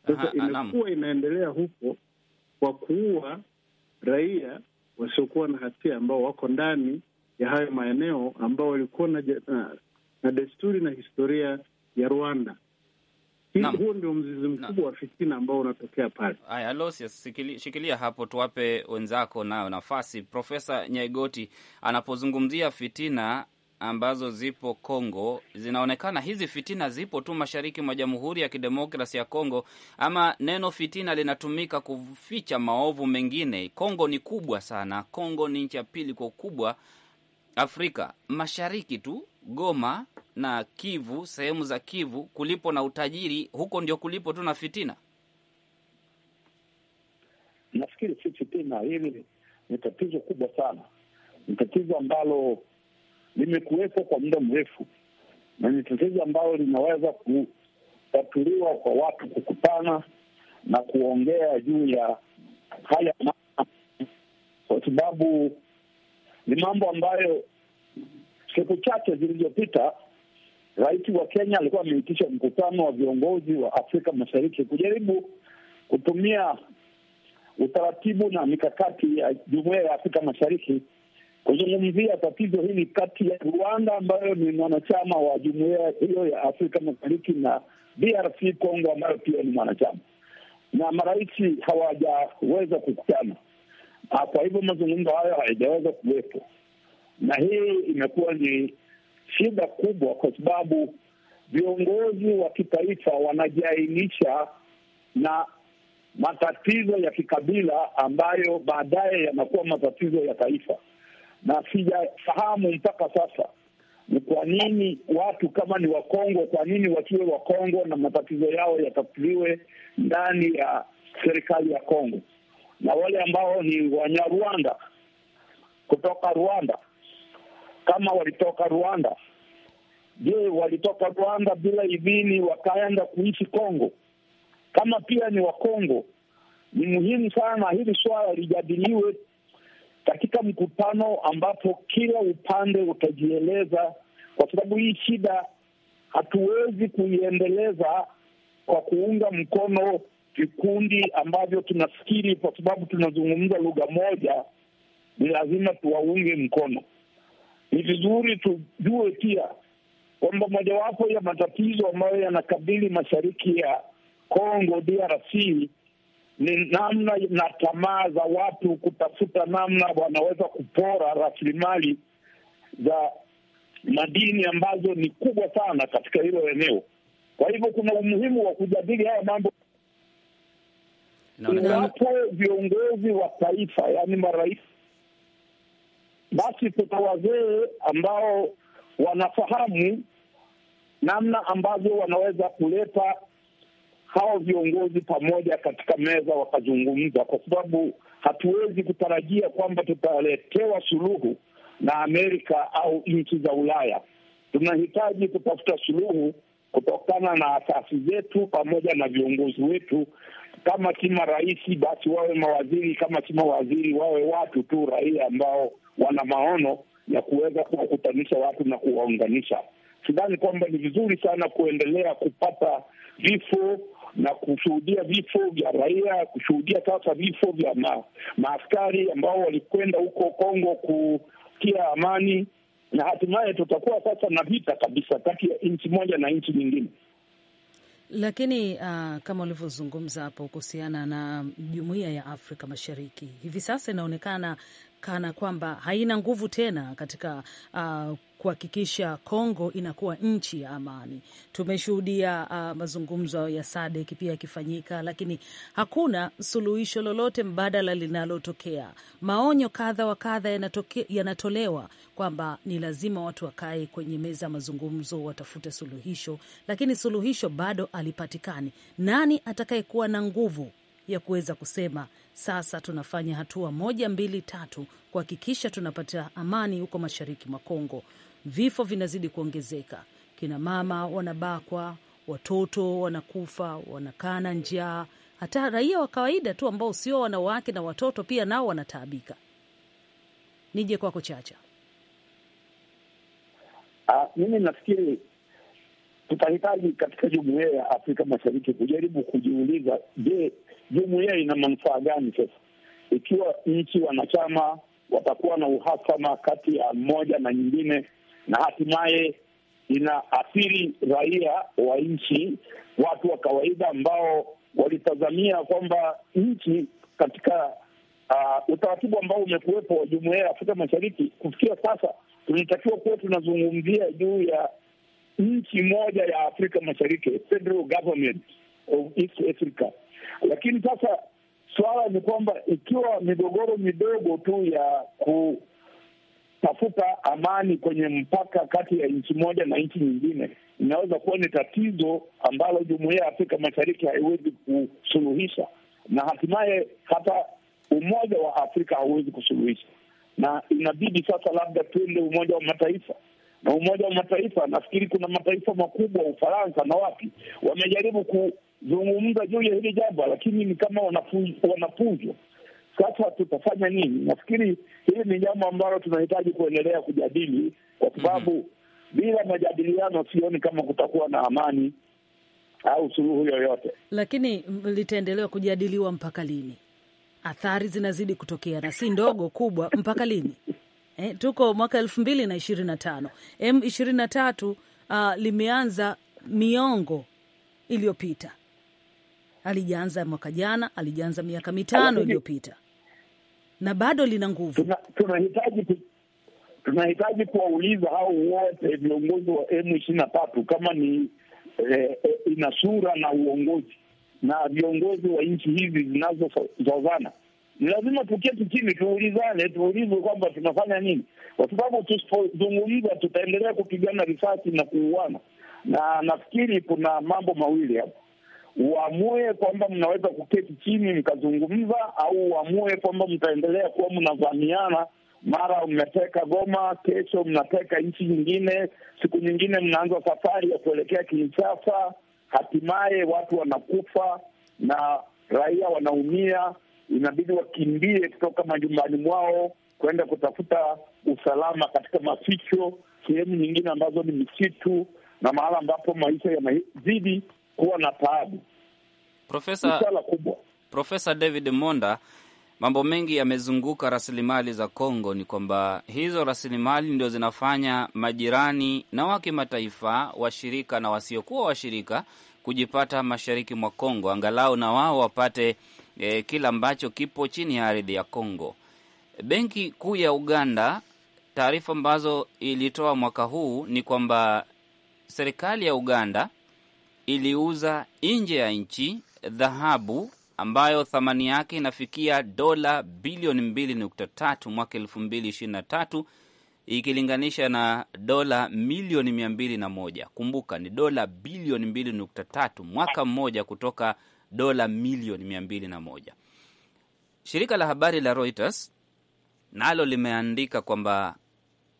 Sasa imekuwa inaendelea huko kwa kuua raia wasiokuwa na hatia ambao wako ndani ya hayo maeneo ambao walikuwa na, na, na desturi na historia ya Rwanda huo ndio mzizi mkubwa wa fitina ambao unatokea pale. Haya, Losius, shikilia hapo, tuwape wenzako nayo nafasi. Profesa Nyaigoti anapozungumzia fitina ambazo zipo Kongo, zinaonekana hizi fitina zipo tu mashariki mwa Jamhuri ya Kidemokrasi ya Kongo, ama neno fitina linatumika kuficha maovu mengine. Kongo ni kubwa sana. Kongo ni nchi ya pili kwa ukubwa Afrika Mashariki tu Goma na Kivu, sehemu za Kivu kulipo na utajiri, huko ndio kulipo tu na fitina. Nafikiri si fitina, hili ni tatizo kubwa sana, ni tatizo ambalo limekuwepo kwa muda mrefu, na ni tatizo ambalo linaweza kutatuliwa kwa watu kukutana na kuongea juu ya haya, kwa sababu ni mambo ambayo siku chache zilizopita rais wa Kenya alikuwa ameitisha mkutano wa viongozi wa Afrika Mashariki kujaribu kutumia utaratibu na mikakati ya jumuiya ya Afrika Mashariki kuzungumzia tatizo hili kati ya Rwanda ambayo ni mwanachama wa jumuiya hiyo ya Afrika Mashariki na DRC Congo ambayo pia ni mwanachama, na marais hawajaweza kukutana. Kwa hivyo mazungumzo hayo hayajaweza kuwepo na hii imekuwa ni shida kubwa, kwa sababu viongozi wa kitaifa wanajiainisha na matatizo ya kikabila ambayo baadaye yanakuwa matatizo ya taifa, na sijafahamu mpaka sasa ni kwa nini watu kama ni Wakongo, kwa nini wasiwe Wakongo na matatizo yao yatatuliwe ndani ya serikali ya Kongo, na wale ambao ni Wanyarwanda kutoka Rwanda kama walitoka Rwanda. Je, walitoka Rwanda bila idhini wakaenda kuishi Kongo? Kama pia ni Wakongo, ni muhimu sana hili swala lijadiliwe katika mkutano ambapo kila upande utajieleza, kwa sababu hii shida hatuwezi kuiendeleza kwa kuunga mkono vikundi ambavyo tunafikiri kwa sababu tunazungumza lugha moja, ni lazima tuwaunge mkono ni vizuri tujue pia kwamba mojawapo ya matatizo ambayo yanakabili mashariki ya Congo DRC ni namna na tamaa za watu kutafuta namna wanaweza kupora rasilimali za madini ambazo ni kubwa sana katika hilo eneo. Kwa hivyo kuna umuhimu wa kujadili haya mambo iwapo viongozi wa taifa, yaani marais basi kuna wazee ambao wanafahamu namna ambavyo wanaweza kuleta hao viongozi pamoja katika meza wakazungumza, kwa sababu hatuwezi kutarajia kwamba tutaletewa suluhu na Amerika au nchi za Ulaya. Tunahitaji kutafuta suluhu kutokana na asasi zetu pamoja na viongozi wetu. Kama si marais, basi wawe mawaziri, kama si mawaziri, wawe watu tu raia ambao wana maono ya kuweza kuwakutanisha watu na kuwaunganisha. Sidhani kwamba ni vizuri sana kuendelea kupata vifo na kushuhudia vifo vya raia, kushuhudia sasa vifo vya ma, maaskari ambao walikwenda huko Kongo kutia amani, na hatimaye tutakuwa sasa na vita kabisa kati ya nchi moja na nchi nyingine. Lakini uh, kama ulivyozungumza hapo kuhusiana na jumuiya ya Afrika Mashariki, hivi sasa inaonekana kana kwamba haina nguvu tena katika uh, kuhakikisha Kongo inakuwa nchi ya amani. Tumeshuhudia uh, mazungumzo ya SADC pia yakifanyika, lakini hakuna suluhisho lolote mbadala linalotokea. Maonyo kadha wa kadha yanatolewa kwamba ni lazima watu wakae kwenye meza ya mazungumzo, watafute suluhisho, lakini suluhisho bado halipatikani. Nani atakayekuwa na nguvu ya kuweza kusema sasa tunafanya hatua moja, mbili, tatu kuhakikisha tunapata amani huko mashariki mwa Kongo. Vifo vinazidi kuongezeka, kina mama wanabakwa, watoto wanakufa, wanakana njaa. Hata raia wa kawaida tu ambao sio wanawake na watoto pia nao wanataabika. Nije kwako Chacha. Ah, mimi nafikiri tutahitaji katika jumuiya ya Afrika Mashariki kujaribu kujiuliza, je, jumuia ina manufaa gani sasa ikiwa nchi wanachama watakuwa na uhasama kati ya mmoja na nyingine, na hatimaye ina athiri raia wa nchi, watu wa kawaida ambao walitazamia kwamba nchi katika uh, utaratibu ambao umekuwepo wa jumuia ya Afrika Mashariki kufikia sasa, tunatakiwa kuwa tunazungumzia juu ya nchi moja ya Afrika Mashariki, federal government of East Africa lakini sasa suala ni kwamba ikiwa migogoro midogo tu ya kutafuta amani kwenye mpaka kati ya nchi moja na nchi nyingine inaweza kuwa ni tatizo ambalo jumuiya ya Afrika Mashariki haiwezi kusuluhisha, na hatimaye hata Umoja wa Afrika hauwezi kusuluhisha, na inabidi sasa labda tuende Umoja wa Mataifa na Umoja wa Mataifa, nafikiri kuna mataifa makubwa, Ufaransa na wapi, wamejaribu ku zungumza juu ya hili jambo, lakini ni kama wanapuzwa. Sasa tutafanya nini? Nafikiri hili ni jambo ambalo tunahitaji kuendelea kujadili, kwa sababu mm -hmm. bila majadiliano sioni kama kutakuwa na amani au suluhu yoyote. Lakini litaendelewa kujadiliwa mpaka lini? Athari zinazidi kutokea na si ndogo, kubwa. Mpaka lini? Eh, tuko mwaka elfu mbili na ishirini na tano m ishirini na tatu uh, limeanza miongo iliyopita Alijaanza mwaka jana, alijaanza miaka mitano iliyopita na bado lina nguvu. Tunahitaji tuna tunahitaji kuwauliza hao wote viongozi wa M ishirini na tatu kama ni eh, eh ina sura na uongozi na viongozi wa nchi hizi zinazozozana ni lazima tuketi chini tuulizane, tuulizwe kwamba tunafanya nini, kwa sababu tusipozungumza tutaendelea kupigana risasi na kuuana, na nafikiri kuna mambo mawili hapo uamue kwamba mnaweza kuketi chini mkazungumza, au uamue kwamba mtaendelea kuwa mnavamiana mara mmeteka Goma, kesho mnateka nchi nyingine, siku nyingine mnaanza safari ya kuelekea Kinshasa. Hatimaye watu wanakufa na raia wanaumia, inabidi wakimbie kutoka majumbani mwao kwenda kutafuta usalama katika maficho, sehemu nyingine ambazo ni misitu na mahala ambapo maisha yanazidi kuwa na taabu. Profesa kubwa Profesa David Monda, mambo mengi yamezunguka rasilimali za Kongo. Ni kwamba hizo rasilimali ndio zinafanya majirani na wa kimataifa, washirika na wasiokuwa washirika kujipata mashariki mwa Kongo, angalau na wao wapate eh, kila ambacho kipo chini ya ardhi ya Kongo. Benki Kuu ya Uganda, taarifa ambazo ilitoa mwaka huu ni kwamba serikali ya Uganda iliuza nje ya nchi dhahabu ambayo thamani yake inafikia dola bilioni 2.3 mwaka 2023 ikilinganisha na dola milioni 201. Kumbuka ni dola bilioni 2.3 mwaka mmoja kutoka dola milioni 201. Shirika la habari la Reuters nalo limeandika kwamba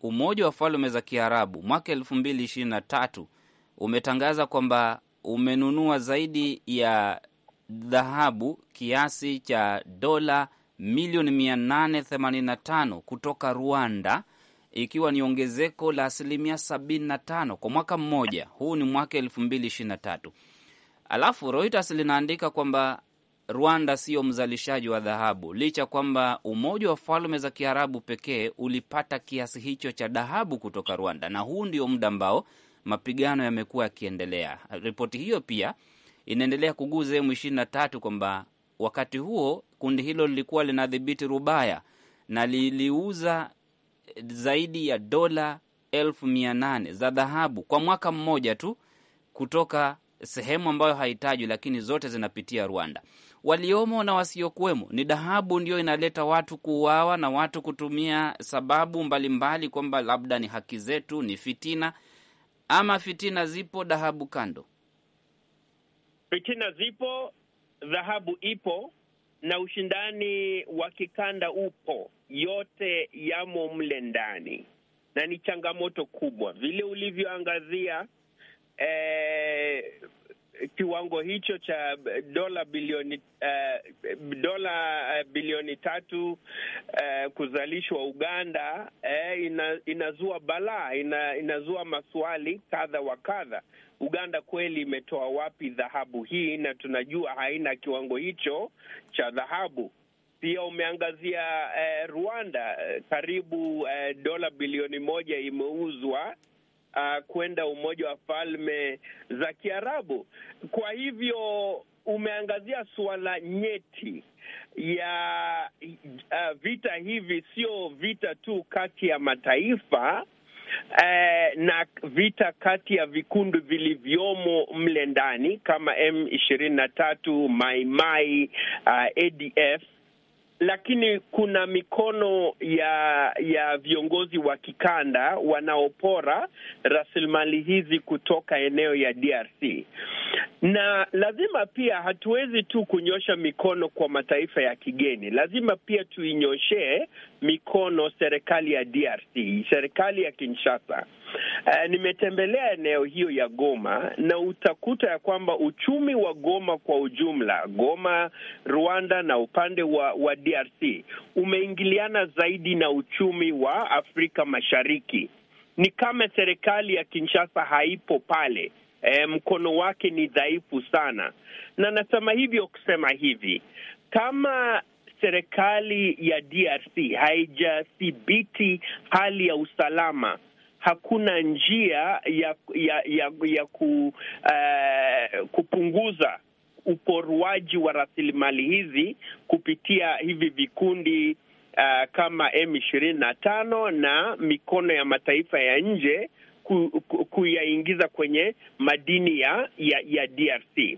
Umoja wa Falme za Kiarabu mwaka 2023 umetangaza kwamba umenunua zaidi ya dhahabu kiasi cha dola milioni 885 kutoka Rwanda, ikiwa ni ongezeko la asilimia 75 kwa mwaka mmoja. Huu ni mwaka 2023. Alafu Reuters linaandika kwamba Rwanda siyo mzalishaji wa dhahabu licha kwamba Umoja wa Falme za Kiarabu pekee ulipata kiasi hicho cha dhahabu kutoka Rwanda, na huu ndio muda ambao mapigano yamekuwa yakiendelea. Ripoti hiyo pia inaendelea kuguza emu ishirini na tatu kwamba wakati huo kundi hilo lilikuwa linadhibiti Rubaya na liliuza zaidi ya dola elfu mia nane za dhahabu kwa mwaka mmoja tu kutoka sehemu ambayo haitajwi, lakini zote zinapitia Rwanda. Waliomo na wasiokuwemo, ni dhahabu ndio inaleta watu kuuawa na watu kutumia sababu mbalimbali kwamba labda ni haki zetu, ni fitina ama fitina zipo, dhahabu kando? Fitina zipo, dhahabu ipo, na ushindani wa kikanda upo. Yote yamo mle ndani na ni changamoto kubwa vile ulivyoangazia eh, kiwango hicho cha dola bilioni uh, dola eh, bilioni tatu uh, kuzalishwa Uganda uh, ina, inazua balaa ina, inazua maswali kadha wa kadha. Uganda kweli imetoa wapi dhahabu hii? Na tunajua haina kiwango hicho cha dhahabu. Pia umeangazia uh, Rwanda, karibu uh, dola bilioni moja imeuzwa uh, kwenda Umoja wa Falme za Kiarabu. Kwa hivyo umeangazia suala nyeti ya uh, vita hivi, sio vita tu kati ya mataifa Eh, na vita kati ya vikundi vilivyomo mle ndani kama M ishirini na tatu, Maimai, uh, ADF lakini kuna mikono ya ya viongozi wa kikanda wanaopora rasilimali hizi kutoka eneo ya DRC, na lazima pia, hatuwezi tu kunyosha mikono kwa mataifa ya kigeni, lazima pia tuinyoshee mikono serikali ya DRC, serikali ya Kinshasa. Uh, nimetembelea eneo hiyo ya Goma na utakuta ya kwamba uchumi wa Goma kwa ujumla, Goma Rwanda na upande wa, wa DRC umeingiliana zaidi na uchumi wa Afrika Mashariki. Ni kama serikali ya Kinshasa haipo pale. E, mkono wake ni dhaifu sana, na nasema hivyo kusema hivi, kama serikali ya DRC haijathibiti hali ya usalama hakuna njia ya ya ya, ya ku, uh, kupunguza uporuaji wa rasilimali hizi kupitia hivi vikundi uh, kama m ishirini na tano na mikono ya mataifa ya nje kuyaingiza kwenye madini ya, ya, ya DRC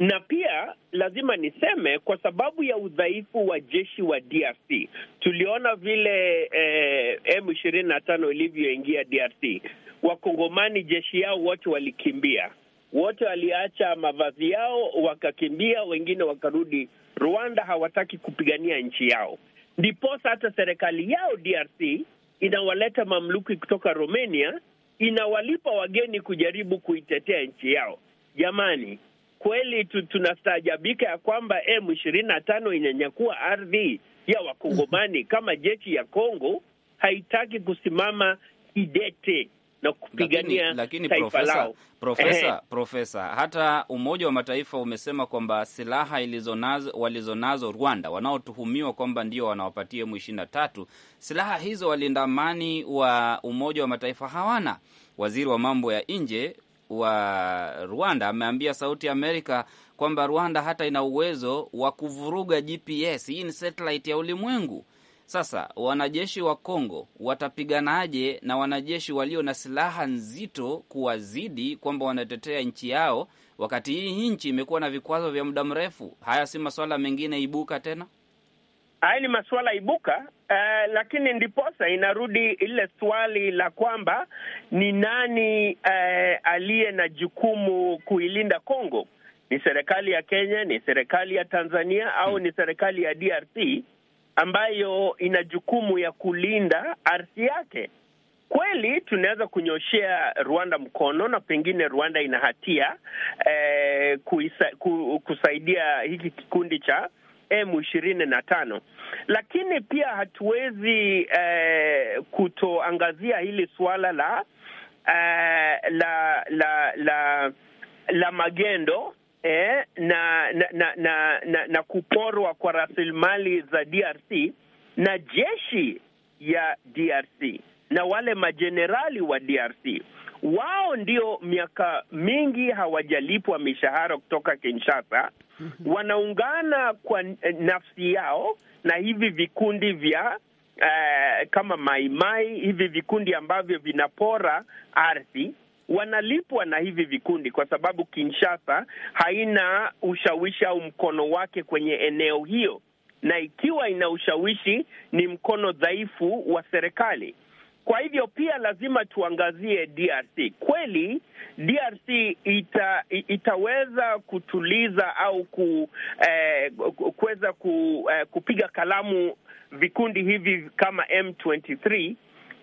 na pia lazima niseme kwa sababu ya udhaifu wa jeshi wa DRC, tuliona vile eh, M ishirini na tano ilivyoingia DRC. Wakongomani jeshi yao wote walikimbia, wote waliacha mavazi yao wakakimbia, wengine wakarudi Rwanda, hawataki kupigania nchi yao. Ndiposa hata serikali yao DRC inawaleta mamluki kutoka Romania, inawalipa wageni kujaribu kuitetea nchi yao. Jamani, kweli tunastaajabika ya kwamba M ishirini na tano inanyakua ardhi ya Wakongomani kama jeshi ya Kongo haitaki kusimama kidete na kupigania lakini, lakini taifa lao. Profesa, profesa, hata Umoja wa Mataifa umesema kwamba silaha ilizonazo walizonazo Rwanda wanaotuhumiwa kwamba ndio wanawapatia M23 silaha hizo, walinda amani wa Umoja wa Mataifa hawana. Waziri wa mambo ya nje wa Rwanda ameambia Sauti ya Amerika kwamba Rwanda hata ina uwezo wa kuvuruga GPS. Hii ni satellite ya ulimwengu. Sasa wanajeshi wa Kongo watapiganaje na wanajeshi walio na silaha nzito kuwazidi, kwamba wanatetea nchi yao, wakati hii nchi imekuwa na vikwazo vya muda mrefu? Haya si masuala mengine ibuka tena haya ni masuala ibuka uh, lakini ndiposa inarudi ile swali la kwamba ni nani uh, aliye na jukumu kuilinda congo Ni serikali ya Kenya? Ni serikali ya Tanzania? Au hmm. ni serikali ya DRC ambayo ina jukumu ya kulinda ardhi yake? Kweli tunaweza kunyoshea Rwanda mkono na pengine Rwanda ina hatia eh, kusaidia hiki kikundi cha M ishirini na tano, lakini pia hatuwezi eh, kutoangazia hili suala la, eh, la la la la magendo eh, na, na, na, na, na, na kuporwa kwa rasilimali za DRC na jeshi ya DRC na wale majenerali wa DRC wao ndio miaka mingi hawajalipwa mishahara kutoka Kinshasa mm -hmm. wanaungana kwa nafsi yao na hivi vikundi vya uh, kama maimai, hivi vikundi ambavyo vinapora ardhi wanalipwa na hivi vikundi kwa sababu Kinshasa haina ushawishi au mkono wake kwenye eneo hiyo, na ikiwa ina ushawishi ni mkono dhaifu wa serikali. Kwa hivyo pia lazima tuangazie DRC. Kweli DRC ita, itaweza kutuliza au ku, eh, kuweza ku, eh, kupiga kalamu vikundi hivi kama M23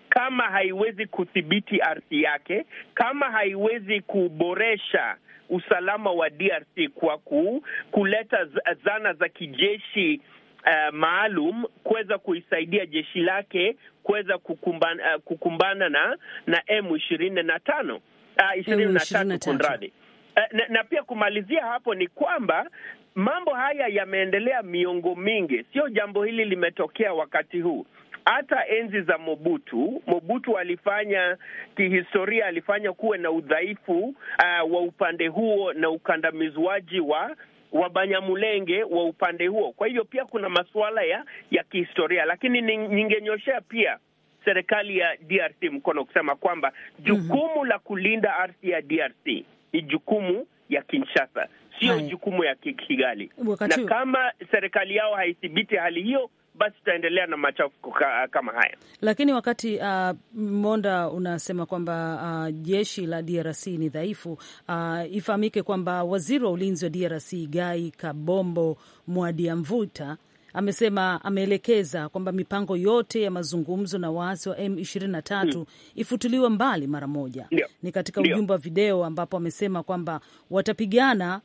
kama haiwezi kudhibiti ardhi yake, kama haiwezi kuboresha usalama wa DRC kwa ku, kuleta zana za kijeshi uh, maalum kuweza kuisaidia jeshi lake kuweza kukumbana, uh, kukumbana na na M ishirini na tano ah, ishirini na tatu kunradi eh, na, na pia kumalizia hapo ni kwamba mambo haya yameendelea miongo mingi, sio jambo hili limetokea wakati huu. Hata enzi za Mobutu, Mobutu alifanya kihistoria, alifanya kuwe na udhaifu uh, wa upande huo na ukandamizwaji wa wa Banyamulenge wa upande huo. Kwa hivyo pia kuna masuala ya ya kihistoria, lakini ningenyoshea pia serikali ya DRC mkono kusema kwamba jukumu mm -hmm. la kulinda ardhi ya DRC ni jukumu ya Kinshasa, sio jukumu ya Kigali, na kama serikali yao haithibiti hali hiyo, basi tutaendelea na machafuko kama haya. Lakini wakati uh, Monda unasema kwamba uh, jeshi la DRC ni dhaifu, uh, ifahamike kwamba waziri wa ulinzi wa DRC Gai Kabombo mwadia mvuta amesema ameelekeza kwamba mipango yote ya mazungumzo na waasi wa M23 hmm, ifutuliwe mbali mara moja. Ni katika ujumbe wa video ambapo amesema kwamba watapigana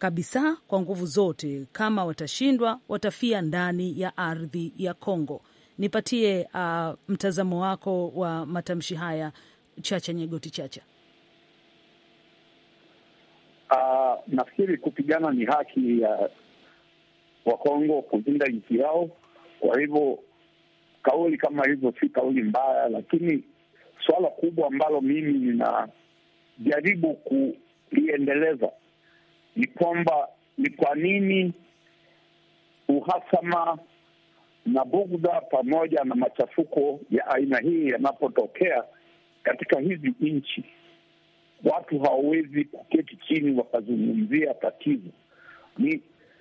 kabisa kwa nguvu zote. Kama watashindwa, watafia ndani ya ardhi ya Kongo. Nipatie uh, mtazamo wako wa matamshi haya, Chacha Nyegoti Chacha. Uh, nafikiri kupigana ni haki ya uh, Wakongo kulinda nchi yao. Kwa hivyo kauli kama hizo si kauli mbaya, lakini suala kubwa ambalo mimi ninajaribu kuliendeleza ni kwamba ni kwa nini uhasama na bugdha pamoja na machafuko ya aina hii yanapotokea katika hizi nchi, watu hawawezi kuketi chini wakazungumzia tatizo.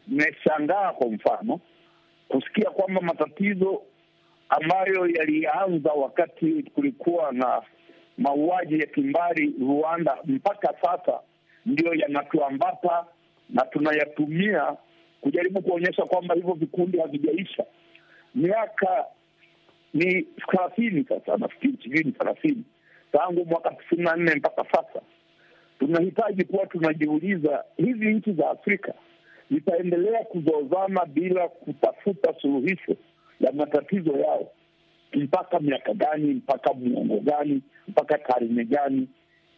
nimeshangaa kwa mfano kusikia kwamba matatizo ambayo yalianza wakati kulikuwa na mauaji ya kimbari Rwanda mpaka sasa ndiyo yanatuambata na tunayatumia kujaribu kuonyesha kwamba hivyo vikundi havijaisha. Miaka ni thelathini sasa, nafikiri ishirini thelathini tangu mwaka tisini na nne mpaka sasa, tunahitaji kuwa tunajiuliza hizi nchi za Afrika zitaendelea kuzozana bila kutafuta suluhisho ya matatizo yao mpaka miaka gani? Mpaka muongo gani? Mpaka karne gani?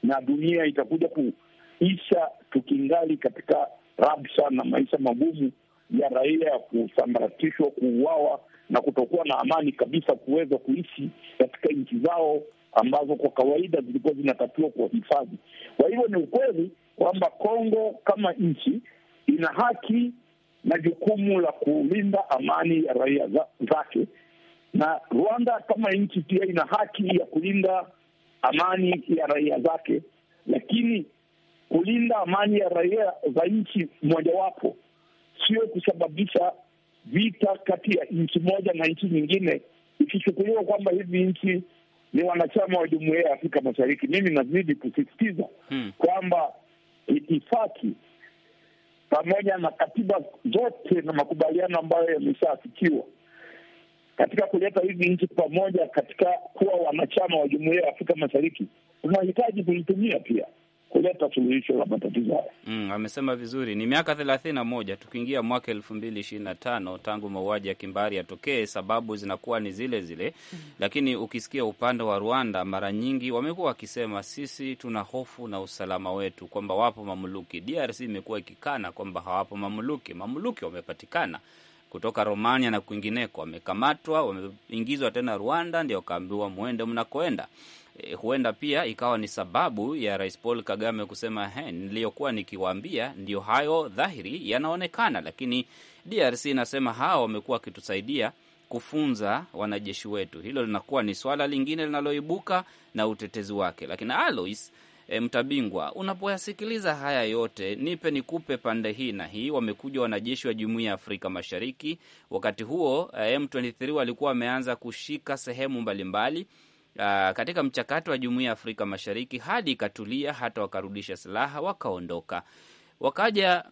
Na dunia itakuja ku isha tukingali katika rabsha na maisha magumu ya raia ya kusambaratishwa, kuuawa na kutokuwa na amani kabisa kuweza kuishi katika nchi zao ambazo kwa kawaida zilikuwa zinatakiwa kwa hifadhi Kwa hivyo ni ukweli kwamba Kongo kama nchi ina haki na jukumu la kulinda amani ya raia za, zake na Rwanda kama nchi pia ina haki ya kulinda amani ya raia zake, lakini kulinda amani ya raia za nchi mojawapo, sio kusababisha vita kati ya nchi moja na nchi nyingine, ikichukuliwa kwamba hizi nchi ni wanachama wa jumuiya ya Afrika Mashariki. Mimi nazidi kusisitiza hmm, kwamba itifaki pamoja na katiba zote na makubaliano ambayo yameshaafikiwa katika kuleta hizi nchi pamoja katika kuwa wanachama wa jumuiya ya Afrika Mashariki tunahitaji kulitumia pia kuleta suluhisho la matatizo haya. Mm, amesema vizuri. Ni miaka thelathini na moja tukiingia mwaka elfu mbili ishirini na tano tangu mauaji ya kimbari yatokee, sababu zinakuwa ni zile zile mm. Lakini ukisikia upande wa Rwanda, mara nyingi wamekuwa wakisema sisi tuna hofu na usalama wetu, kwamba wapo mamluki. DRC imekuwa ikikana kwamba hawapo mamluki. Mamluki wamepatikana kutoka Romania na kwingineko, wamekamatwa, wameingizwa tena Rwanda, ndio wakaambiwa mwende mnakoenda. E, huenda pia ikawa ni sababu ya Rais Paul Kagame kusema he, niliyokuwa nikiwaambia ndio hayo dhahiri yanaonekana, lakini DRC inasema hawa wamekuwa wakitusaidia kufunza wanajeshi wetu. Hilo linakuwa ni swala lingine linaloibuka na utetezi wake, lakini Alois E, Mtabingwa, unapoyasikiliza haya yote, nipe nikupe pande hii na hii. Wamekuja wanajeshi wa jumuiya ya Afrika Mashariki, wakati huo e, M23 walikuwa wameanza kushika sehemu mbalimbali mbali uh, katika mchakato wa jumuiya ya Afrika Mashariki hadi ikatulia, hata wakarudisha silaha wakaondoka, wakaja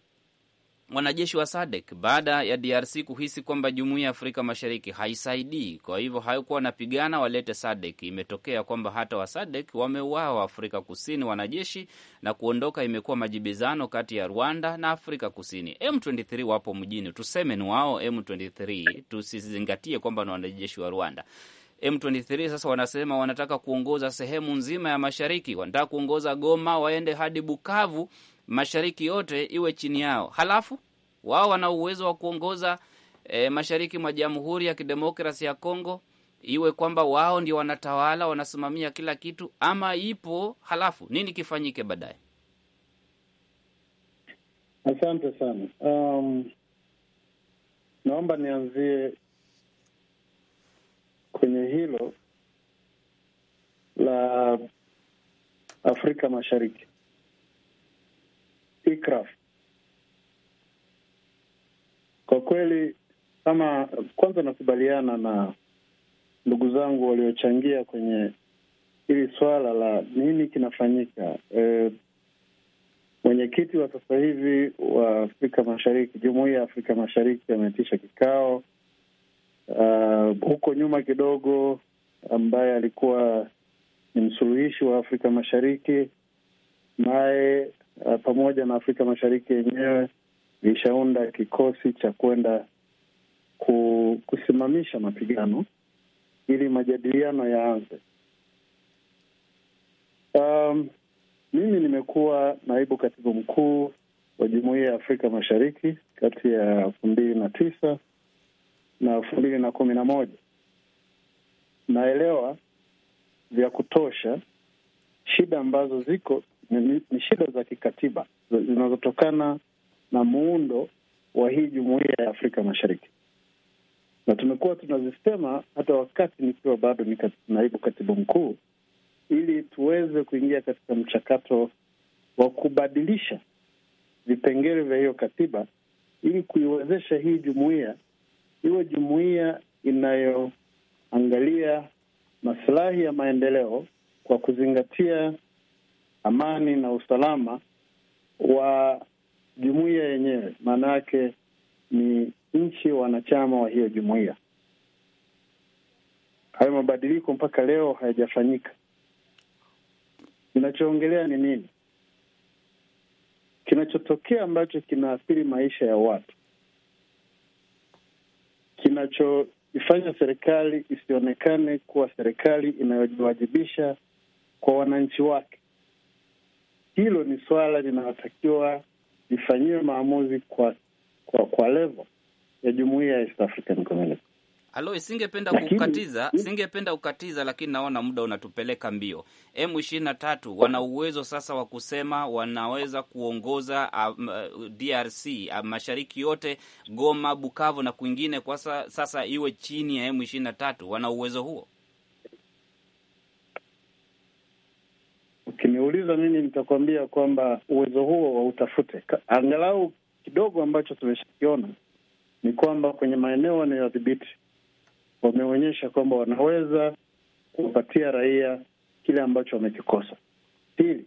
wanajeshi wa SADC baada ya DRC kuhisi kwamba jumuiya ya Afrika Mashariki haisaidii, kwa hivyo haikuwa wanapigana, walete SADC. Imetokea kwamba hata wa SADC wameuawa Afrika Kusini wanajeshi na kuondoka. Imekuwa majibizano kati ya Rwanda na Afrika Kusini. M23 wapo mjini, tuseme ni wao M23, tusizingatie kwamba ni wanajeshi wa Rwanda. M23 sasa wanasema wanataka kuongoza sehemu nzima ya mashariki, wanataka kuongoza Goma, waende hadi Bukavu, mashariki yote iwe chini yao. Halafu wao wana uwezo wa kuongoza e, mashariki mwa Jamhuri ya Kidemokrasi ya Kongo, iwe kwamba wao ndio wanatawala, wanasimamia kila kitu, ama ipo halafu nini kifanyike baadaye? Asante sana. Um, naomba nianzie kwenye hilo la Afrika Mashariki, ICRAF. Kwa kweli, kama kwanza, nakubaliana na ndugu zangu waliochangia kwenye hili swala la nini kinafanyika. E, mwenyekiti wa sasa hivi wa Afrika Mashariki, jumuiya ya Afrika Mashariki ametisha kikao uh, huko nyuma kidogo, ambaye alikuwa ni msuluhishi wa Afrika Mashariki naye uh, pamoja na Afrika Mashariki yenyewe ilishaunda kikosi cha kwenda kusimamisha mapigano ili majadiliano yaanze. Um, mimi nimekuwa naibu katibu mkuu wa Jumuiya ya Afrika Mashariki kati ya elfu mbili na tisa na elfu mbili na kumi na moja. Naelewa vya kutosha shida ambazo ziko ni, ni shida za kikatiba zinazotokana na muundo wa hii jumuiya ya Afrika Mashariki, na tumekuwa tunazisema hata wakati nikiwa bado ni naibu katibu mkuu, ili tuweze kuingia katika mchakato wa kubadilisha vipengele vya hiyo katiba ili kuiwezesha hii jumuiya iwe jumuiya inayoangalia masilahi ya maendeleo kwa kuzingatia amani na usalama wa jumuiya yenyewe, maana yake ni nchi wanachama wa hiyo jumuiya. Hayo mabadiliko mpaka leo hayajafanyika. Kinachoongelea ni nini? Kinachotokea ambacho kinaathiri maisha ya watu kinachoifanya serikali isionekane kuwa serikali inayojiwajibisha kwa wananchi wake. Hilo ni suala linalotakiwa lifanyiwe maamuzi kwa, kwa, kwa levo ya jumuiya ya East African Community. Alo, singependa kukatiza, hmm? singependa kukatiza, lakini naona muda unatupeleka mbio. M ishirini na tatu wana uwezo sasa wa kusema wanaweza kuongoza um, uh, DRC um, uh, mashariki yote, Goma, Bukavu na kwingine, kwa sasa iwe chini ya M ishirini na tatu. Wana uwezo huo? Ukiniuliza mimi nitakwambia kwamba uwezo huo wautafute, angalau kidogo ambacho tumeshakiona ni kwamba kwenye maeneo wanayodhibiti wameonyesha kwamba wanaweza kuwapatia raia kile ambacho wamekikosa. Pili,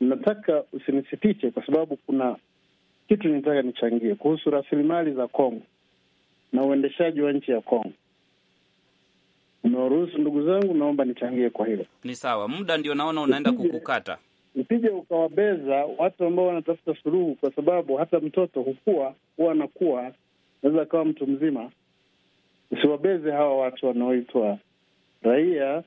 nataka usinisitiche, kwa sababu kuna kitu nitaka nichangie kuhusu rasilimali za Kongo na uendeshaji wa nchi ya Kongo. Umewaruhusu ndugu zangu, naomba nichangie kwa hilo. Ni sawa, muda ndio naona unaenda kukukata. Usije ukawabeza watu ambao wanatafuta suluhu, kwa sababu hata mtoto hukua, huwa anakuwa, anaweza akawa mtu mzima usiwabeze hawa watu wanaoitwa raia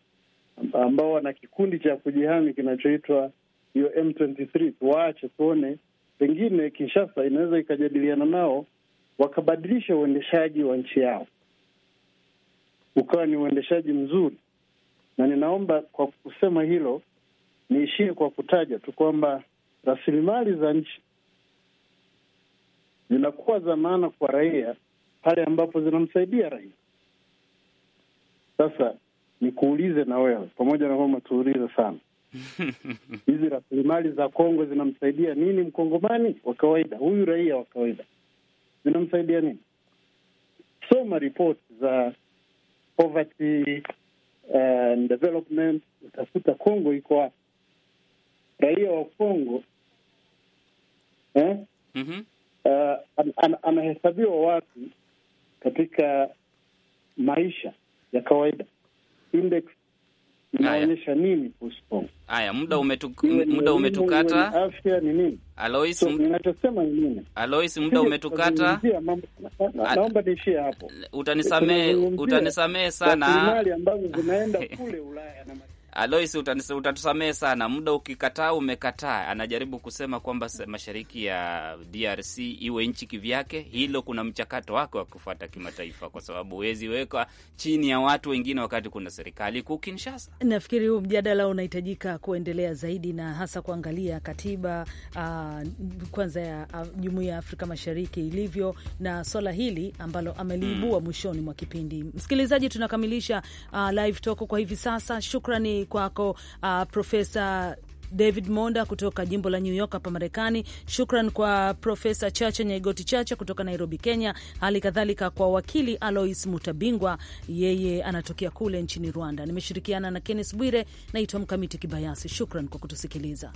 ambao wana kikundi cha kujihami kinachoitwa hiyo M23. Tuwaache tuone, pengine Kinshasa inaweza ikajadiliana nao wakabadilisha uendeshaji wa nchi yao ukawa ni uendeshaji mzuri, na ninaomba kwa kusema hilo niishie kwa kutaja tu kwamba rasilimali za nchi zinakuwa za maana kwa raia pale ambapo zinamsaidia rais. Sasa nikuulize na wewe, pamoja na kwamba tuulize sana hizi rasilimali za Kongo zinamsaidia nini mkongomani wa kawaida, huyu raia wa kawaida, zinamsaidia nini? Soma ripoti za poverty uh, and development, Kongo iko wapi, raia wa Kongo eh? mm -hmm. Uh, an, an, anahesabiwa wapi katika maisha ya kawaida. Index inaonyesha nini kuhusu Kongo? Haya, muda umetuk, muda umetukata. Afya ni nini? Alois, so, ninachosema ni nini? Alois, muda umetukata. Naomba niishie hapo. Utanisamee, utanisamee sana. Mali ambazo zinaenda kule Ulaya na Alois, ah, utatusamehe sana, muda ukikataa umekataa. Anajaribu kusema kwamba mashariki ya DRC iwe nchi kivyake. Hilo kuna mchakato wake wa kufuata kimataifa, kwa sababu huwezi weka chini ya watu wengine wakati kuna serikali kuu Kinshasa. Nafikiri huu mjadala unahitajika kuendelea zaidi, na hasa kuangalia katiba uh, kwanza ya uh, ya Afrika Mashariki ilivyo na swala hili ambalo ameliibua hmm. mwishoni mwa kipindi. Msikilizaji, tunakamilisha uh, live talk kwa hivi sasa. Shukrani kwako uh, Profesa David Monda kutoka jimbo la New York hapa Marekani. Shukran kwa Profesa Chacha Nyaigoti Chacha kutoka Nairobi, Kenya, hali kadhalika kwa wakili Alois Mutabingwa, yeye anatokea kule nchini Rwanda. Nimeshirikiana na Kennes Bwire, naitwa Mkamiti Kibayasi. Shukran kwa kutusikiliza.